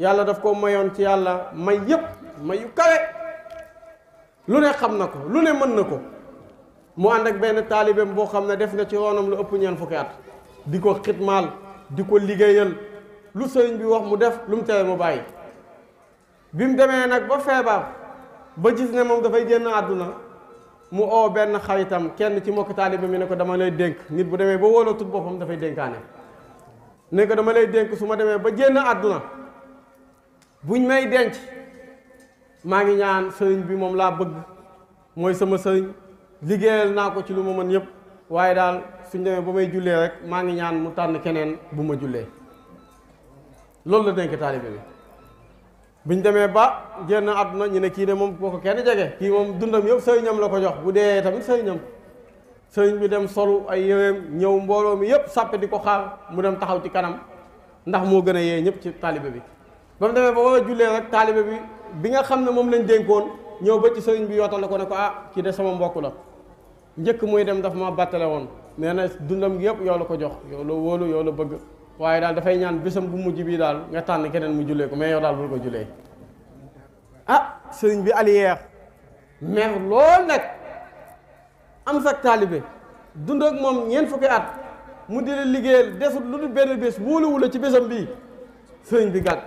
yàlla daf ko mayoon ci yàlla may yépp may yu kawe lu ne xam na ko lu ne mën na ko mu ànd ak benn taalibeem boo xam ne def na ci yoonam lu ëpp ñeent fukki at di ko xitmaal di ko liggéeyal lu sëriñ bi wax mu def lu mu tere mu bàyyi bi mu demee nag ba feebar ba gis ne moom dafay génn àdduna mu oo benn xaritam kenn ci mbokk taaliba mi ne ko dama lay dénk nit bu demee ba wóolootul boppam dafay dénkaane ne ko dama lay dénk su ma demee ba génn àdduna bu may denc maa ngi ñaan sëriñ bi moom laa bëgg mooy sama sëriñ liggéeyal naa ko ci lu ma mën yëpp waaye daal suñ demee ba may jullee rek maa ngi ñaan mu tànn keneen bu ma jullee loolu la dénk taaliba bi biñ demee ba génn àdduna ñi ne kii de moom boo ko kenn jege kii moom dundam yëpp sëriñam la ko jox bu dee tamit sëriñam sëriñ bi dem solu ay yëweem ñëw mbooloo mi yëpp sàppe di ko xaar mu dem taxaw ci kanam ndax moo gën a yee ñëpp ci taalibe bi ba mu demee ba war a jullee rek taalibe bi bi nga xam ne moom lañ dénkoon ñëw ba ci sëriñ bi yootal la ko ne ko ah kii de sama mbokku la njëkk muy dem daf ma bàttale woon nee na dundam gi yëpp yow la ko jox yow la bëgg waaye daal dafay ñaan bésam bu mujj bii daal nga tànn keneen mu jullee ko mais yow daal bul ko jullee ah, sëriñ bi aliyeer mer lool nag am sax taalibe dund ak moom ñeent fukki at mu di la liggéeyal desut lu dul benn bés wóoluwula ci bésam bii sëriñ bi gàtt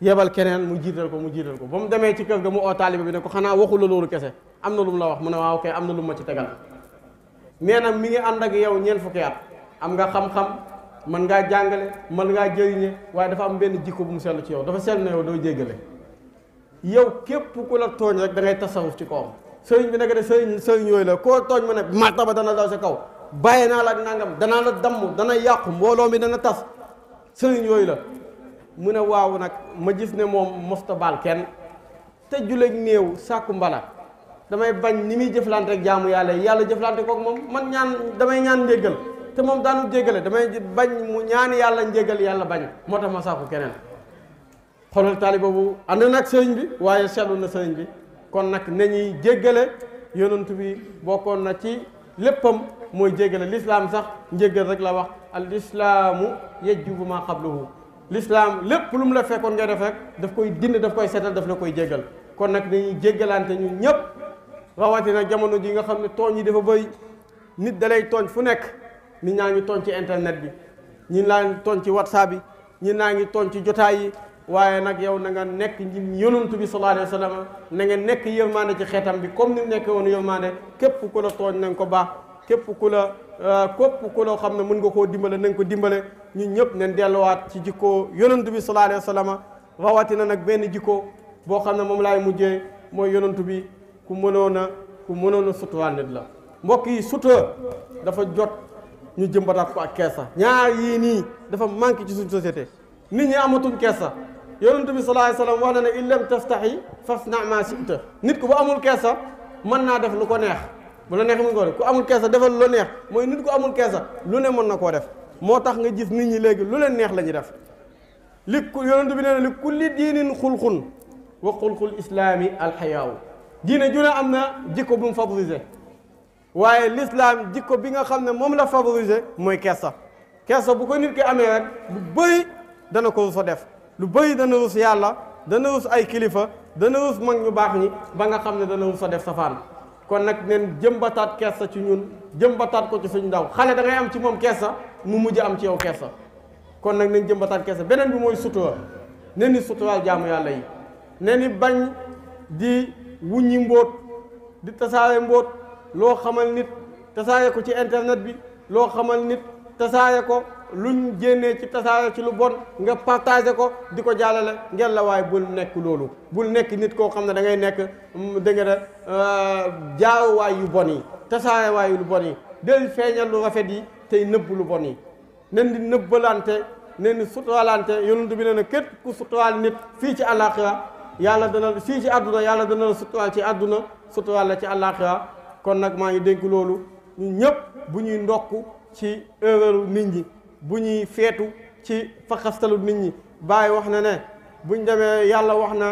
yebal keneen mu jiital ko mu jiital ko ba mu demee ci kër ga mu oo taalibe bi ne ko xanaa waxu loolu kese am na lu mu la wax mu ne waaw kay am na lu ma ci tegal nee na mi ngi ànd ak yow ñeent fukki at am nga xam-xam man ngaa jàngale man ngaa jëriñe waaye dafa am benn jikko bu mu seetlu ci yow dafa seetlu na yow doo jéggale yow képp ku la tooñ rek da ngay tasawuf ci kawam sëriñ bi nekk de sëriñ sëriñ yooyu la koo tooñ ma ne martaba dana daw sa kaw bàyyi naa la ak nangam danaa la damm dana yàqu mbooloo mi dana tas sëriñ yooyu la mu ne waaw nag ma gis ne moom mosta baal kenn te juleeg néew sàkku mbala damay bañ ni muy jëflante rek jaamu yàlla yàlla jëflante kooku moom man ñaan damay ñaan njéggal te moom daanul jéggale damay bañ mu ñaani yàlla njégal yàlla bañ moo tax ma sàkku keneen xoolal taali boobu ànd nag sëriñ bi waaye seetlu na sëriñ bi kon nag ñuy jéggale yonant bi bokkoon na ci léppam mooy jéggale lislaam sax njéggal rek la wax al islaamu yajubu ma qablahu lislaam lépp lu mu la fekkoon nga def rek daf koy dind daf koy seetal daf la koy jéggal kon nag dañuy jéggalante ñun ñëpp rawatina jamono ji nga xam ne tooñ yi dafa bëri nit fu nekk nit ñaa ngi ton ci internet bi ñii laa ngi ton ci whatsapp bi ñi naa ngi ton ci jotaay yi waaye nag yow na nga nekk ñi yonantu bi sallallahu alayhi wa sallam na nga nekk yërmande ci xeetam bi comme ni mu nekk woon képp ku la tooñ na nga ko baax képp ku la euh, képp ku la xam ne mën nga koo dimbale na ko dimbale ñun ñëpp nañ delluwaat ci jikkoo yonantu bi sallallahu alayhi wa rawatina nag benn jikkoo boo xam ne moom laay mujjee mooy yonantu bi ku mënoon a ku mënoon a suturaal nit la mbokk yi sutura dafa jot ñu jëmbataat ko ak kersa ñaar yii nii dafa manqué ci suñ société nit ñi amatuñ kersa yonent bi sallallahu alayhi wasallam wax na ne in lam tastahi fasna ma shi'ta nit ko bu amul kersa mën naa def lu ko neex bu la neex mën ko def ku amul kersa defal lu neex mooy nit ko amul kersa lu ne mën na koo def moo tax nga gis nit ñi léegi lu leen neex la ñuy def li ku yonent bi nee na li kulli diinin xulxun wa xulxul islaami alxayaawu diine ju ne am na jikko bu mu waaye l'islam jikko bi nga xam ne moom la favoriser mooy kersa kersa bu ko nit ki amee rek lu bëri dana ko rus a def lu bëri dana rus yàlla dana rus ay kilifa dana rus mag ñu baax ñi ba nga xam ne dana rus a def safaan kon nag neen jëmbataat kersa ci ñun jëmbataat ko ci suñu ndaw xale da ngay am ci moom kersa mu mujj am ci yow kersa kon nag nañ jëmbataat kersa beneen bi mooy sutura nen ni suturaal jaamu yàlla yi nen ni bañ di wuññi mbóot loo xamal nit tasaare ko ci internet bi loo xamal nit tasaare ko luñ génnee ci tasaare ci lu bon nga partagé ko di ko jàllale ngeen la waaye bul nekk loolu bul nekk nit koo xam ne da ngay nekk mm, dégg nga euh, jaaruwaay yu bon yi tasaare waay yu lu bon yi del feeñal lu rafet yi tey nëbb lu bon yi nen di nëbbalante nen di suturaalante yonent bi nee na képp ku suturaal nit fii ci àllaaxira yàlla dana fii ci àdduna yàlla dana la suturaal ci àdduna suturaal ci àllaaxira kon nak ma ngi dénk lolu ñu ñep bu ñuy ndokk ci erreur nit ñi bu ñuy fetu ci faxastalu nit ñi bay wax na ne buñ démé yàlla wax na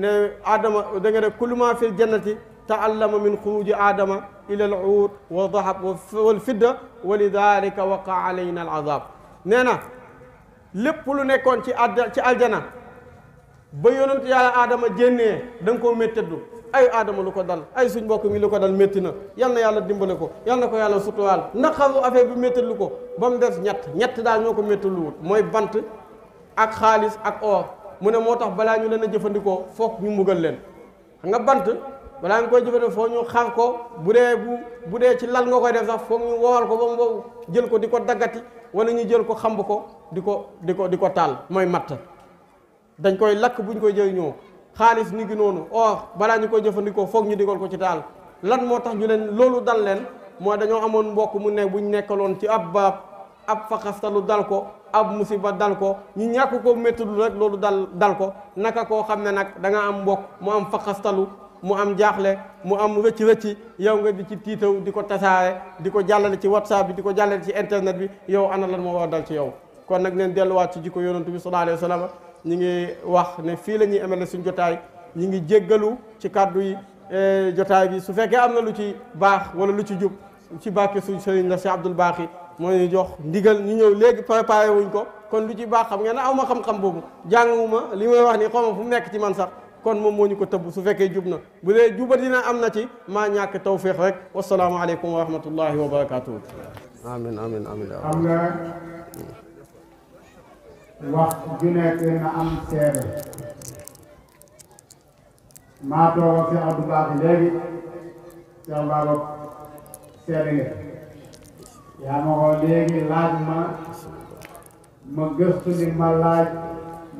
ne adama da nga ne kullu maa fil jannati taallama min khuruj adama ila al uud wa dahab wal fidda wa lidhalika waqa alayna al neena lépp lu nekkon ci ci aljana ba yonent yàlla adama jenne dang ko metteddu ay aadama lu ko dal ay suñ mbokk mi lu ko dal métti na yal na yàlla dimbale ko yal ko yàlla suturaal naqaru affaire bi méttalu ko ba mu def ñett ñett daal ñoo ko méttalu wut mooy bant ak xaalis ak or mu ne moo tax balaa ñu leen a jëfandikoo foog ñu mbugal leen xam nga bant balaa nga koy jëfandikoo foog ñu xar ko bu dee bu bu dee ci lal nga koy def sax foog ñu wowal ko ba mu wow jël ko di ko daggati wala ñu jël ko xamb ko di ko di ko di ko taal mooy matt dañ koy lakk buñ koy jëriñoo xaalis ni ngi noonu or balaa ñu koy jëfandikoo foog ñu digal ko ci taal lan moo tax ñu leen loolu dal leen mooy dañoo amoon mbokk mu ne buñ nekkaloon ci ab baab ab faxastalu dal ko ab musiba dal ko ñu ñàkk ko méttulu rek loolu dal dal ko naka koo xam ne nag da nga am mbokk mu am faxastalu mu am jaaxle mu am rëcc-rëcc yow nga di ci tiitaw di ko tasaare di ko jàllale ci whatsapp bi di ko jàllale ci internet bi yow ana lan moo war dal ci yow kon nag neen delluwaat ci jikko yonantu bi sallallahu alayhi wa sallam ñu ngi wax ne fii la ñuy amele suñ jotaay ñu ngi jéggalu ci kàddu yi e, jotaay bi su fekkee am na lu ci baax wala lu ci jub ci bàkke suñ sëriñ la si Abdul Baaxi moo ñu jox ndigal ñu ñëw léegi préparé wuñ ko kon lu ci baax xam ngeen ne aw ma xam-xam boobu jànguma li may wax ni xaw ma fu mu nekk ci man sax kon moom moo ñu ko tëbb su fekkee jub na bu dee juba dina am na ci maa ñàkk tawfiq rek wasalaamualeykum wa rahmatullahi wa barakaatu. amin amin wax ju nekk na am seere maa tooga fi Abdou Baax léegi Cheikh Baba seere nga yaa ma ko léegi laaj ma ma gëstu li ma laaj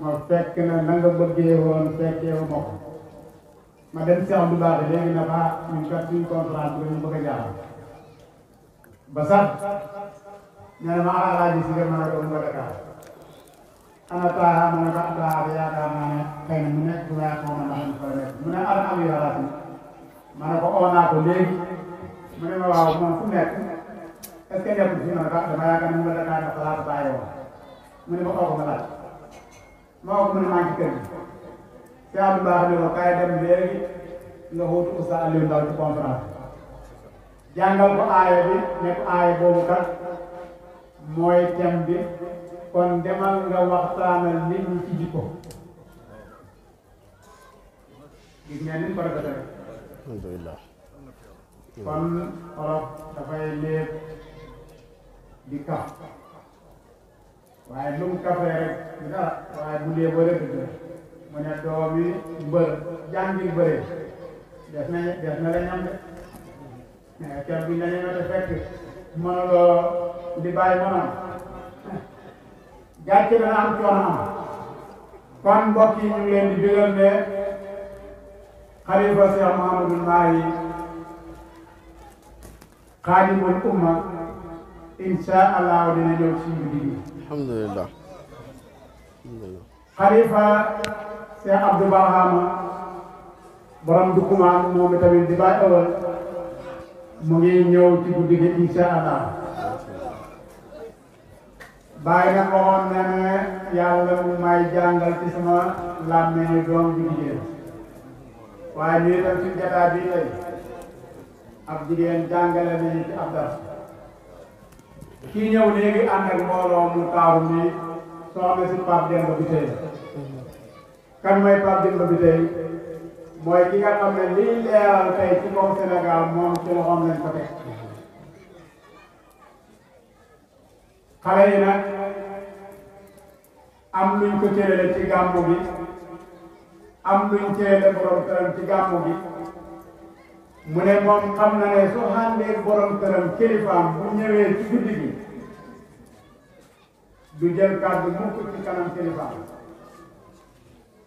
ma fekk na na nga bëggee woon fekkee ma ko ma dem Cheikh Abdou Baax léegi na ah, ba ñun kat suñ contrat bi ñu bëgg a jaar ba sax nee na ma alaaji ah, si nga mën a ko mu Dakar ana Taaha ma ne ko Taaha bi yaakaar naa ne xëy na mu nekk bu ma yaakaar naa ne xëy na mu ne ana am yu raadu ma ne ko oo naa ko léegi mu ne ma waaw moom fu nekk est ce que nekkul fi ma ne ko dama yaakaar ne mu ne la kaa def laa bàyyi woon mu ne ma oo ko ma laaj ma oo ko mu ne maa ngi kër gi si àll baax ne ko kaay dem léegi nga xóotu Oustaz Alioune Ndao ci conférence jàngal ko aaya bi nekk aaya boobu kat mooy thème bi. kon demal nga waxtaanal nit ñi ci jikko gis ngeen ni mu ko rafetee alhamdulilah kon xolof dafay léeb di kaf waaye lu mu waaye bu léeboo rek du mu ne doom yi mbër jàngil bëree def na def na la ñam de mais kenn bu ñu la ñamee te fekk mënuloo li bàyyi mënoon gàcce dana am coono kon mbokk yi ñu leen di bégal ne Cheikh Mahi umma insha allah dina ñëw ci ñu digi alhamdulilah xalifa Cheikh Abdou Barhama borom du kumaan moom itamit di ngi ci guddi gi insha allah bàyyi nag waxoon na ya mu may jàngal ci sama làmmiñu doom bu jigéen waaye ñu itam kan suñ eh. jataay bi tey ab jigéen jàngale nañu ci ab dara kii ñëw léegi ak mbooloo mu taaru mi soxna si Pape Demba bi tey kan mooy Pape Demba bi tey ki nga ci ci lañ ko yi am luñ ko cërale ci gàmmu bi am luñ cërale borom këram ci gàmmu bi mu ne moom na ne su xàndee borom këram kilifaam bu ñëwee ci guddi du jël kàddu mukk ci kanam kilifaam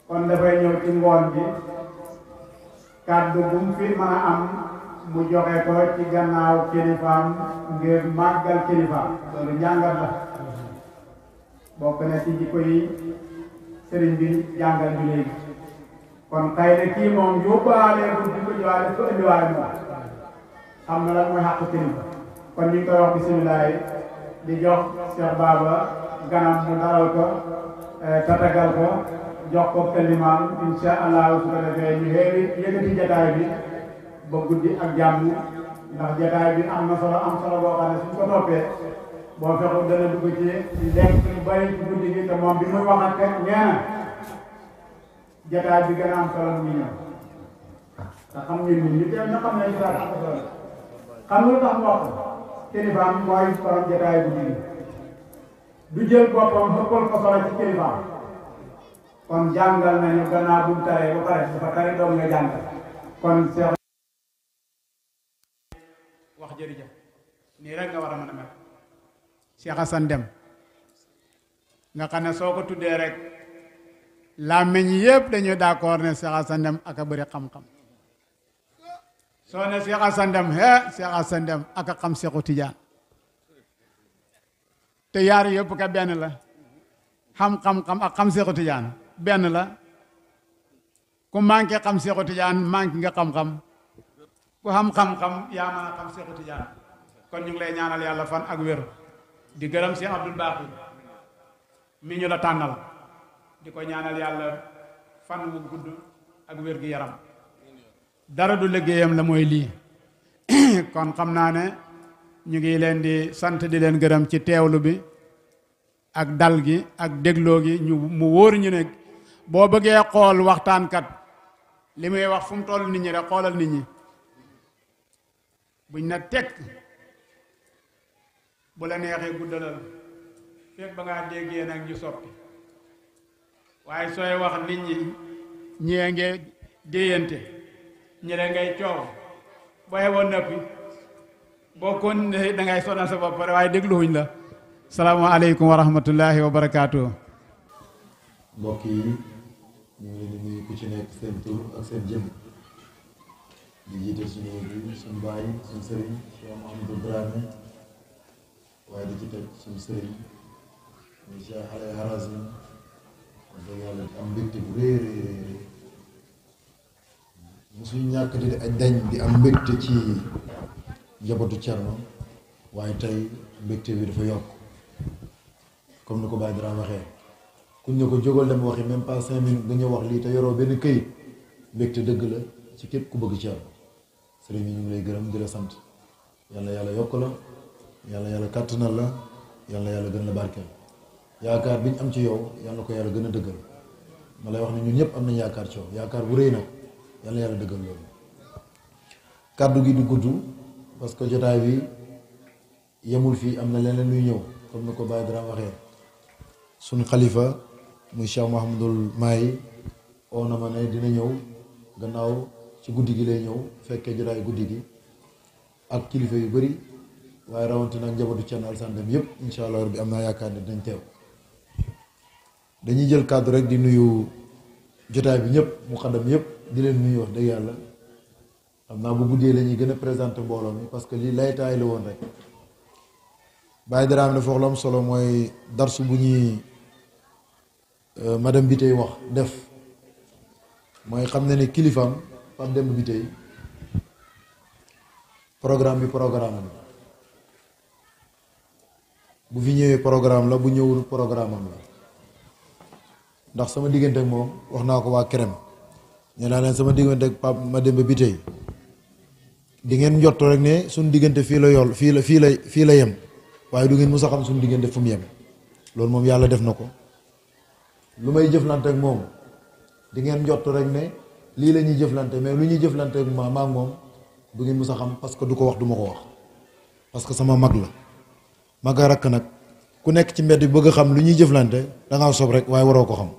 kon dafay ñëw ci ngoon bi kàddu bu mu fi mën a am mu joxe ko ci gannaaw kilifaam ngir màggal kilifaam loolu njàngat la bokk na ci jikko yi bi ñu kon na bu di ko ko xam na kon ñu koy wax bisimilah di jox Cheikh Baba ganam mu dalal ko eh, tatagal ko jox ko kalimaam insha allahu su ko defee ñu xeewi yëkkati jataay bi ba guddi ak jàmm ndax jataay bi am na solo am solo boo xam suñ ko boo fexul dana dugg ci lekk lu bari ci guddi gi te moom bi muy wax ak nee na jataay bi gën am solo muy ñëw te xam ngeen ñu dem na xam nañ dara xam lu tax wax kilifaam mooy borom bu du jël ko solo ci kon bu pare dafa tare nga kon wax rek nga Cheikh Hassan Dem nga xam soko tuddé rek la meñ yépp dañu d'accord né Cheikh Hassan Dem ak bari xam-xam soo ne Cheikh Hassan Dem hé Cheikh Hassan Dem ak xam Cheikhu Tidiane té yar yépp ka ben la xam-xam-xam ak xam Cheikhu Tidiane ben la ku manké xam Cheikhu Tidiane manqué nga xam-xam ku xam-xam-xam ya ma xam Cheikhu Tidiane kon ñu ngi lay ñaanal yalla fan ak wér di gërëm Cheikh Abdoul Baqi mi ñu la tànnal di ko ñaanal yàlla fan wu gudd ak wér gi yaram dara du liggéeyam la mooy lii kon xam naa ne ñu ngi leen di sant di leen gërëm ci teewlu bi ak dal gi ak dégloo gi mu wóor ñu ne boo bëggee xool waxtaankat li muy wax fu mu toll nit ñi rek xoolal nit ñi buñ na tekk bu la neexee guddalal fekk ba ngaa déggee nag ñu soppi waaye sooy wax nit ñi ñee nge déyante ñi ngay coow booy woon noppi boo kon ne da ngay sa bopp pare waaye dégluwuñ la salaamaaleykum wa rahmatullahi wa barakaatu mbokk yi ñu ngi leen di ku ci nekk seen tur ak seen jëm di jiite suñu suñu bàyyi suñu sëriñ Cheikh Mahamadou Ibrahima waaye di ci teg suñu sëriñ muy Cheikh Alay Harazim kon dëgg yàlla am mbégte bu rëy rëy rëy musuñu ñàkk di dañ di am mbégte ci njabootu Cerno waaye tey mbégte bi dafa yokk comme ni ko Baye Dara waxee ku ne ko jógal dem waxi même pas cinq minutes nga ñëw wax lii te yoroo benn këyit mbégte dëgg la ci képp ku bëgg Cerno sëriñ yi ñu ngi lay gërëm di la sant yàlla yàlla yokk la yàlla yàlla kàttanal la yàlla yàlla gën la barkeel yaakaar bi ñu am ci yow yàlla ko yàlla gën a dëggal ma lay wax ne ñun ñëpp am nañ yaakaar ci yaakaar bu rëy nag yàlla yàlla dëggal loolu kàddu gi du gudd parce que jotaay bi yemul fii am na leneen luy ñëw comme ni ko Baye Dara waxee suñu xalifa muy Cheikh Mahamadul Maay oo na ne dina ñëw gannaaw ci guddi gi lay ñëw fekkee jotaay guddi gi ak kilifa yu bari waaye rawatina ak njabootu Thierno Alassane Deme yëpp incha allah rabbi am naa yaakaar ne dinañ teew dañuy jël cadre rek di nuyu jotaay bi ñëpp mu xadam yëpp di leen nuyu wax dëgg yàlla xam naa bu guddee la ñuy gën a présenté mbooloo mi parce que lii taay la woon rek Baye dara am wax lu am solo mooy darsu bu ñuy euh, madame bi tey wax def mooy xam ne ne kilifaam Pape Demba bi tey programme bi programme bi bu fi ñëwee programme la bu ñëwul programme am la ndax sama diggante ak moom wax naa ko waa Kerem ñu naa leen sama diggante ak ma Mademba bi tey di ngeen njott rek ne suñu diggante fii la yool fii la fii la fii la yem waaye du ngeen mu a xam suñu diggante fu yem loolu moom yàlla def na ko lu may jëflante ak moom di ngeen njott rek ne lii la ñuy jëflante mais lu ñuy jëflante ak ma moom du ngeen mu a xam parce que du ko wax du ma ko wax parce que sama mag la. maga rakk nag ku nekk ci mbedd bi bëgg a xam lu ñuy jëflante da ngaa sob rek waaye waroo ko xam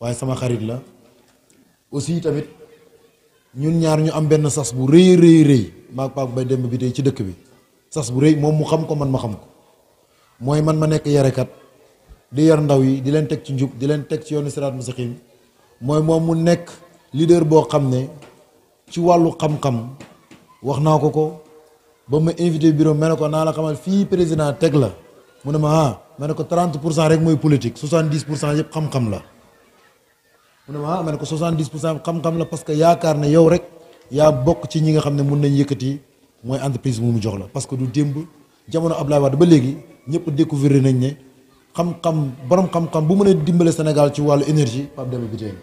waaye sama xarit la aussi tamit ñun ñaar ñu am benn sas bu rëy rëy rëy paak bay demb bi tey ci dëkk bi sas bu rëy moom mu xam ko man ma xam ko mooy man ma nekk yarekat di yar ndaw yi di leen teg ci njub di leen teg ci yoonu siraat mustaqim mooy moom mu nekk leader boo xam ne ci wàllu xam-xam wax naa ko ko ba ma invité bureau ma ne ko naa la xamal fii président teg la mu ne ma ah ma ne ko 30 pour cent rek mooy politique 70 pour cent yëpp xam-xam la mu ne ma ah ma ne ko 70 pour cent xam-xam la parce que yaakaar ne yow rek yaa bokk ci ñi nga xam ne mun nañ yëkkati mooy entreprise mu mu jox la parce que du démb jamono Abdoulaye Wade ba léegi ñëpp découvrir nañ ne xam-xam borom xam-xam bu mën a dimbale Sénégal ci wàllu énergie Pape Demba Bitèye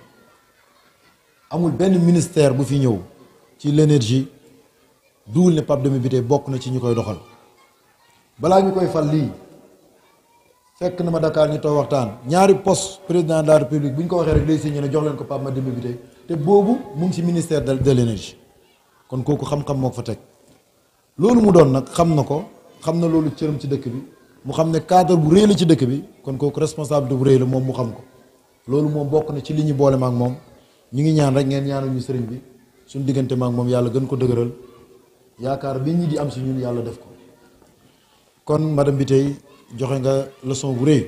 amul benn ministère bu fi ñëw ci l' duul ne pap demi Bitèye bok na ci ñukoy doxal bala ñukoy fal li fekk na ma Dakar ñu toog waxtaan ñaari poste président de la république buñ ko waxee rek lay signé na jox leen ko ma demi Bitèye te boobu mu ngi ci ministère de l'énergie kon koku xam-xam moko fa tek lolu mu doon nak xam na xam na loolu cëram ci dëkk bi mu xam ne cadre bu rëy la ci dëkk bi kon koku responsable du rëy la mom mu xam ko lolu mom bok na ci li boole ma ak moom ngi ñaan rek ngeen ñaanu ñu sëriñ bi suñu digënté ma ak gën ko dëgeural yaakaar bi ñu di am si ñun yàlla def ko kon madame bi tey joxe nga leçon bu rëy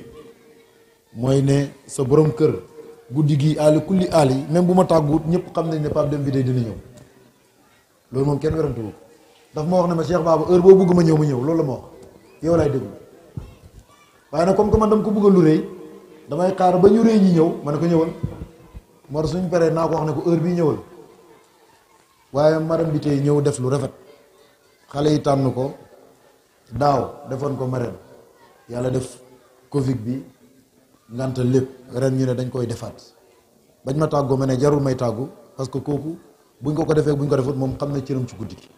mooy ne sa borom kër guddi gi aali kulli aali même bu ma tàgguwut ñëpp xam nañ ne Pape Demba bi tey dina ñëw loolu moom kenn werante wu daf ma wax ne ma Cheikh Baba heure boo bëgg ma ñëw ma ñëw loolu la ma wax yow laay déglu waaye nag comme que man dama ko bëgg a lu rëy damay xaar ba ñu rëy ñi ñëw ma ne ko ñëwal moo tax suñu paree naa ko wax ne ko heure bii ñëwal waaye madame bi tey ñëw def lu rafet. xale yi tànn ko daaw defoon ko ma ren yàlla def Covid bi nganta lépp ren ñu ne dañ koy defaat bañ ma tàggu ma ne jarul may tàggu parce que kooku buñ ko ko defee buñ ko defoon moom xam na cëram ci guddi gi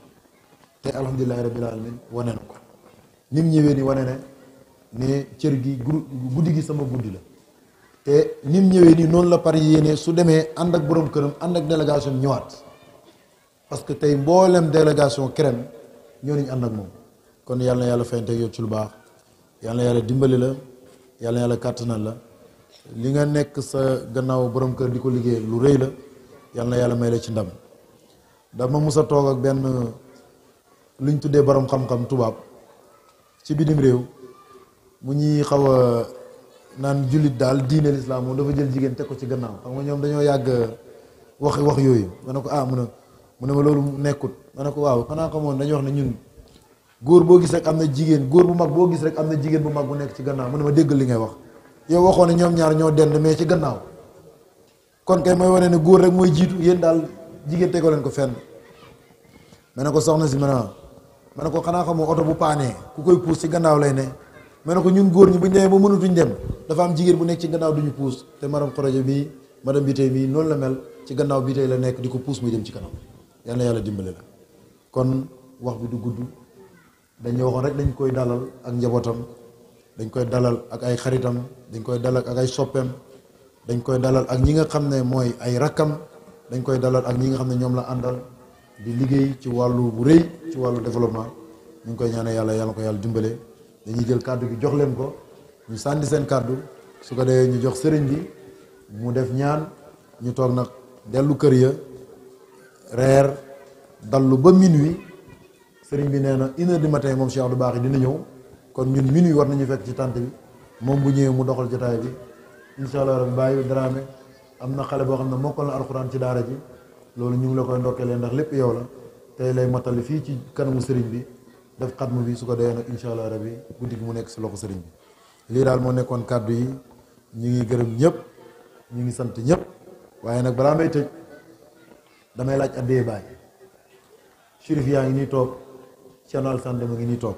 te alhamdulilahi rabbil alamin wane na ko nim ñëwee ni wane ne ne cër gi guddi gi sama guddi la te nim ñëwee ni noonu la pari yéene su demee ànd ak boroom këram ànd ak délégation ñëwaat parce que tey mboolem délégation CREM ñoo ñu ànd ak moom kon yàlla na yàlla fayante yow ci lu baax yàlla na yàlla dimbali la yàlla na yàlla kàttanal la li nga nekk sa gannaaw borom kër di ko liggéey lu rëy la yàlla na yàlla may la ci ndam dama mus a toog ak benn luñ tuddee borom xam-xam tubaab ci bitim réew mu ñuy xaw a naan jullit daal diine lislaam moom dafa jël jigéen teg ko ci gannaaw xam nga ñoom dañoo yàgg wax wax yooyu ma ne ko ah mu ne mu ne ma loolu nekkut ma ne ko waaw xanaa xamoon dañuy wax ne ñun góor boo gis rek am na jigéen góor bu mag boo gis rek am na jigéen bu mag bu nekk ci gannaaw mu ne ma dégg li ngay wax yow waxoon ne ñoom ñaar ñoo dend mais ci gannaaw kon kay mooy wane ne góor rek mooy jiitu yéen daal jigéen tegoo leen ko fenn ma ne ko soxna si ma ne ma ne ko xanaa xamoo oto bu paanee ku koy puus ci gannaaw lay ne ma ne ko ñun góor ñu bu ñu demee ba mënatuñ dem dafa am jigéen bu nekk ci gannaaw du ñu puus te maram xorojo bii madame bi tey bii noonu la mel ci gannaaw bi tey la nekk di ko puus muy dem ci kanam yal na yàlla dimbale la kon wax bi du gudd dañuy waxoon rek dañ koy dalal ak njabootam dañ koy dalal ak ay xaritam dañ koy dalal ak ay soppeem dañ koy dalal ak ñi nga xam ne mooy ay rakkam dañ koy dalal ak ñi nga xam ne ñoom la àndal di liggéey ci wàllu bu rëy ci wàllu développement ñu ngi koy ñaanee yàlla yàlla ko yàlla dimbale dañuy jël kàddu gi jox leen ko ñu sànni seen kàddu su ko dee ñu jox sëriñ bi mu def ñaan ñu toog nag dellu kër ya reer dallu ba minuit sëriñ bi nee na une heure du matin moom Cheikh Abdou Bakhi dina ñëw kon ñun minuit war nañu fekk ci tànt bi moom bu ñëwee mu doxal jotaay bi incha allah rabbi bàyyi daraame am na xale boo xam ne mokkal na alxuraan ci daara ji loolu ñu ngi la koy ndokkelee ndax lépp yow la tey lay matali fii ci kanamu sëriñ bi def xat mu bi su ko dee nag incha allah rabbi guddi gi mu nekk si loxo sëriñ bi lii daal moo nekkoon kàddu yi ñu ngi gërëm ñëpp ñu ngi sant ñëpp damay laaj addee baay shérif yaa ngi nii toog Thierno Alassane Deme ngi nii toog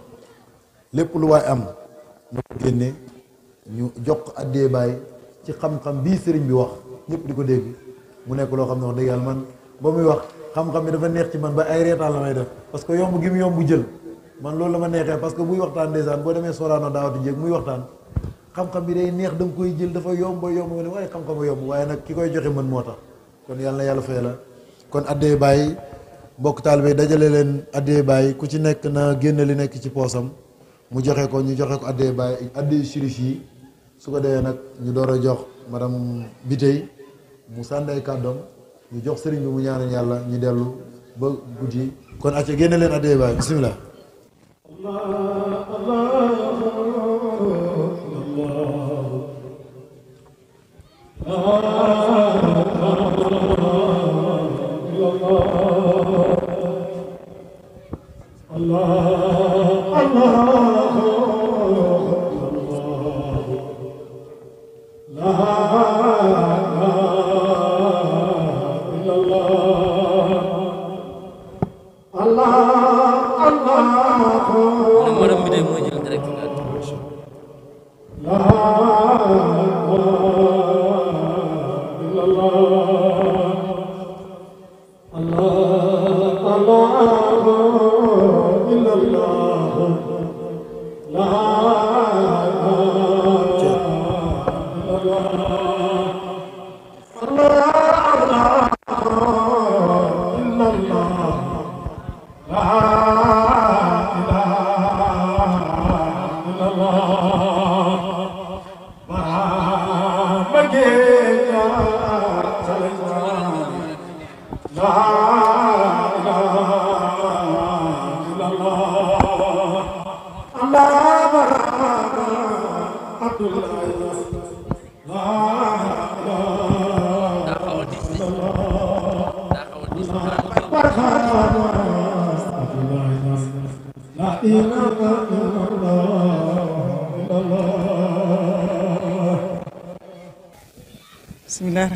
lépp lu waay am na ko génne ñu jox addee baay ci xam-xam bii sëriñ bi wax ñëpp di ko dégg mu nekk loo xam ne wax dëgg yàlla man ba muy wax xam-xam bi dafa neex ci man ba ay reetaan la may def parce que yomb gi mu yomb jël man loolu la ma neexee parce que buy waxtaan ndeysaan boo demee Sorano daawati jéeg muy waxtaan xam-xam bi day neex da koy jël dafa yomb yomb nga ne waaye xam-xam yomb waaye nag ki koy joxe mën moo tax kon yàlla na yàlla fay kon addee bàyyi mbokk taalibe dajale leen addee bàyyi ku ci nekk na génn li nekk ci poosam mu joxe ko ñu joxe ko addee bàyyi addee shérif yi su ko defee nag ñu door a jox madame Bitey mu sànday kàddoom ñu jox sëriñ bi mu ñaanal yàlla ñu dellu ba guddi kon acca génn leen addee bàyyi bisimilah.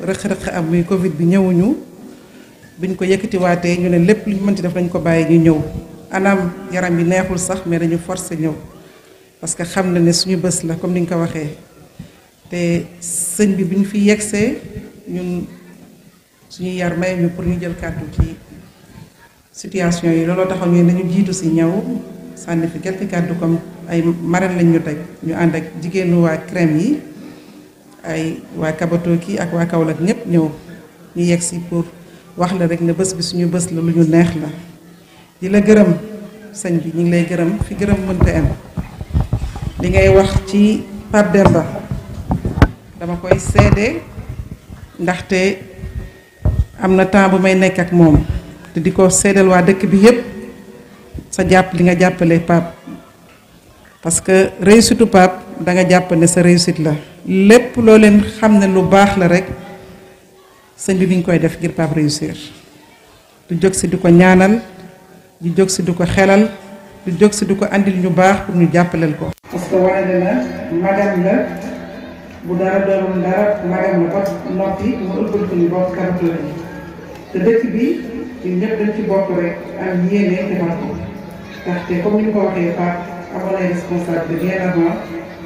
rëq-rëq am muy Covid bi ñëwuñu biñ ko yëkkatiwaatee ñu ne lépp lu ñu mënti def dañ ko bàyyi ñu ñëw anam yaram yi neexul sax mais dañu forcé ñëw parce que xam na ne suñu bés la comme ni nga ko waxee te sëñ bi biñ fi yegsee ñun suñu yar may ñu pour ñu jël kàddu ci situation yi looloo taxaw ñu nañu jiitu si ñëw sànni fi quelques kàddu comme ay marraines lañ ñu daj ñu ànd ak jigéenu crème yi. ay kabato ki ak wa Kaolack ñep ñew ñu yegg pour wax la rek ne bëss bi suñu bëss la lu ñu neex la dila la señ bi ñu ngi lay gërëm fi gërëm mënta am li ngay wax ci Pape Demba dama koy sédé ndaxte am na temps bu may nekk ak mom te diko ko wa dëkk bi yépp sa japp li nga jappalé pap parce que réussite pap da nga japp ne sa réussite la lepp lo leen xamne lu bax la rek sëñ bi mi ngi koy def ngir Pape réussir du jóg ci diko ñaanal du jóg ci diko ko xelal du jóg ci diko andil ñu bax pour ñu jappalel ko. parce que wane na magam la bu dara do lu dara magam la ba noppi mu ëppal ci bok bokk kanam la te dëkk bi ci ñepp dañ ci bok rek am yéene ba ko ndaxte comme ñu ko waxé Pape amoon ay responsable bien avant.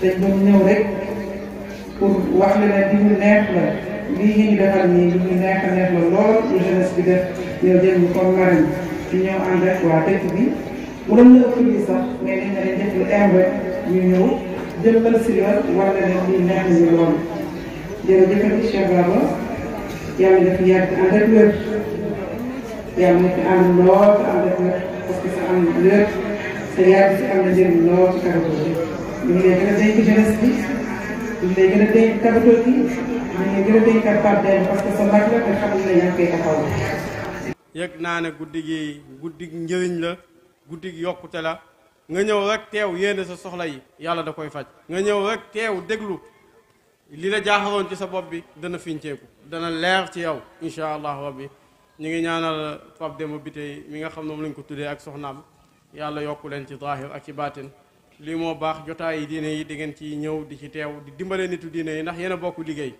dañ doon ñëw rek pour wax la ne di ñu neex la lii ñu ñu defal nii di ñu neex a neex la lool lu jeunesse bi def ñëw jël ñu comme marine ñu ñëw ànd ak waa dëkk bi waroon na ëpp lii sax mais dañ ne dañ def lu ëmb ñu ñëw jël la si la war na leen lii neex nañu lool jërëjëf ati Cheikh Baba yàlla def yàgg ànd ak wér yàlla na fi ànd lool te ànd ak wér parce que sa ànd wér te yàgg si am na njëriñ lool ci kàddu gi ñu yëg naa ne guddi gi guddi njëriñ la guddi yokkute la nga ñëw rek teew yéene sa soxla yi yàlla da koy faj. nga ñëw rek teew déglu li la jaaxaroon ci sa bopp bi dana finceeku dana leer ci yow incha allah rabbi ñu ngi ñaanal Pape Demba Bitèye mi nga xam ne moom lañ ko tuddee ak soxnaam yàlla yokku leen ci zaahir ak ci baatin lii moo baax jotaay yi diine yi di ngeen ci ñëw di ci teew di dimbale nitu diine yi ndax yéen a liggéey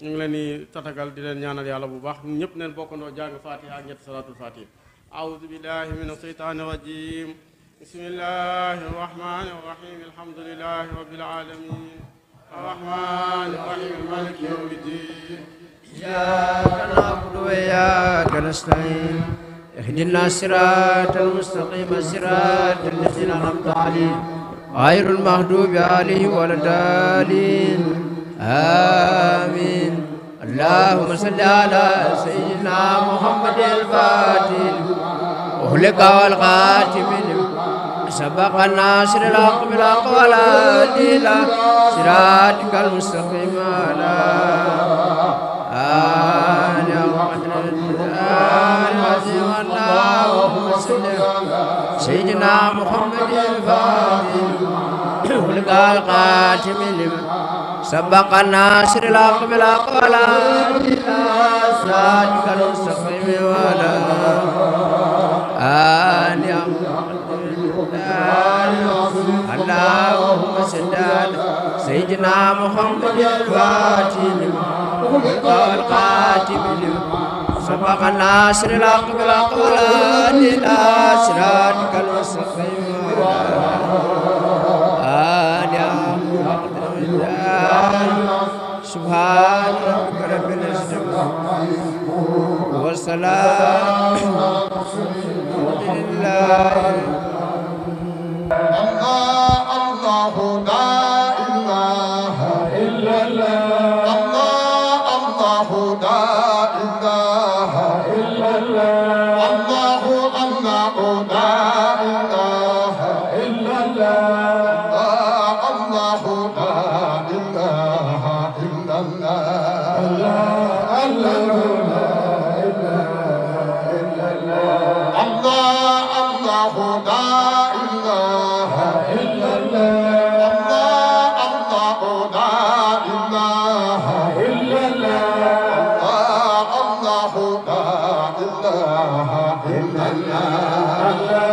ñu ngi leen di tatagal di leen ñaanal yàlla bu baax ñun ñëpp neen bokkandoo jàng fatiha ak ñetti salaatul fatiha aoudu billahi min asheytaani rajim bismillahi arrahmani arrahim alhamdulilahi rabbil alamin arrahmani arrahim maliki yawmi ddin iyyaka na'budu wa iyyaka nasta'in ihdina sirata almustaqima sirata alladhina an'amta alayhim غير المغضوب عليهم ولا الضالين آمين اللهم صل على سيدنا محمد الفاتح أهلك والخاتم سبق الناصر الحق بالحق ولا دين صراطك المستقيم على آمين سيدنا محمد الفاتح لقى القاتم سبق الناصر الحق بالحق ولا صادق المستقيم ولا آل اللهم صل على سيدنا محمد الفاتح لقى القاتم سبق الناصر الحق بالقران الى صراطك المستقيم سبحان ربك رب العزة والسلام لله الله الله Allah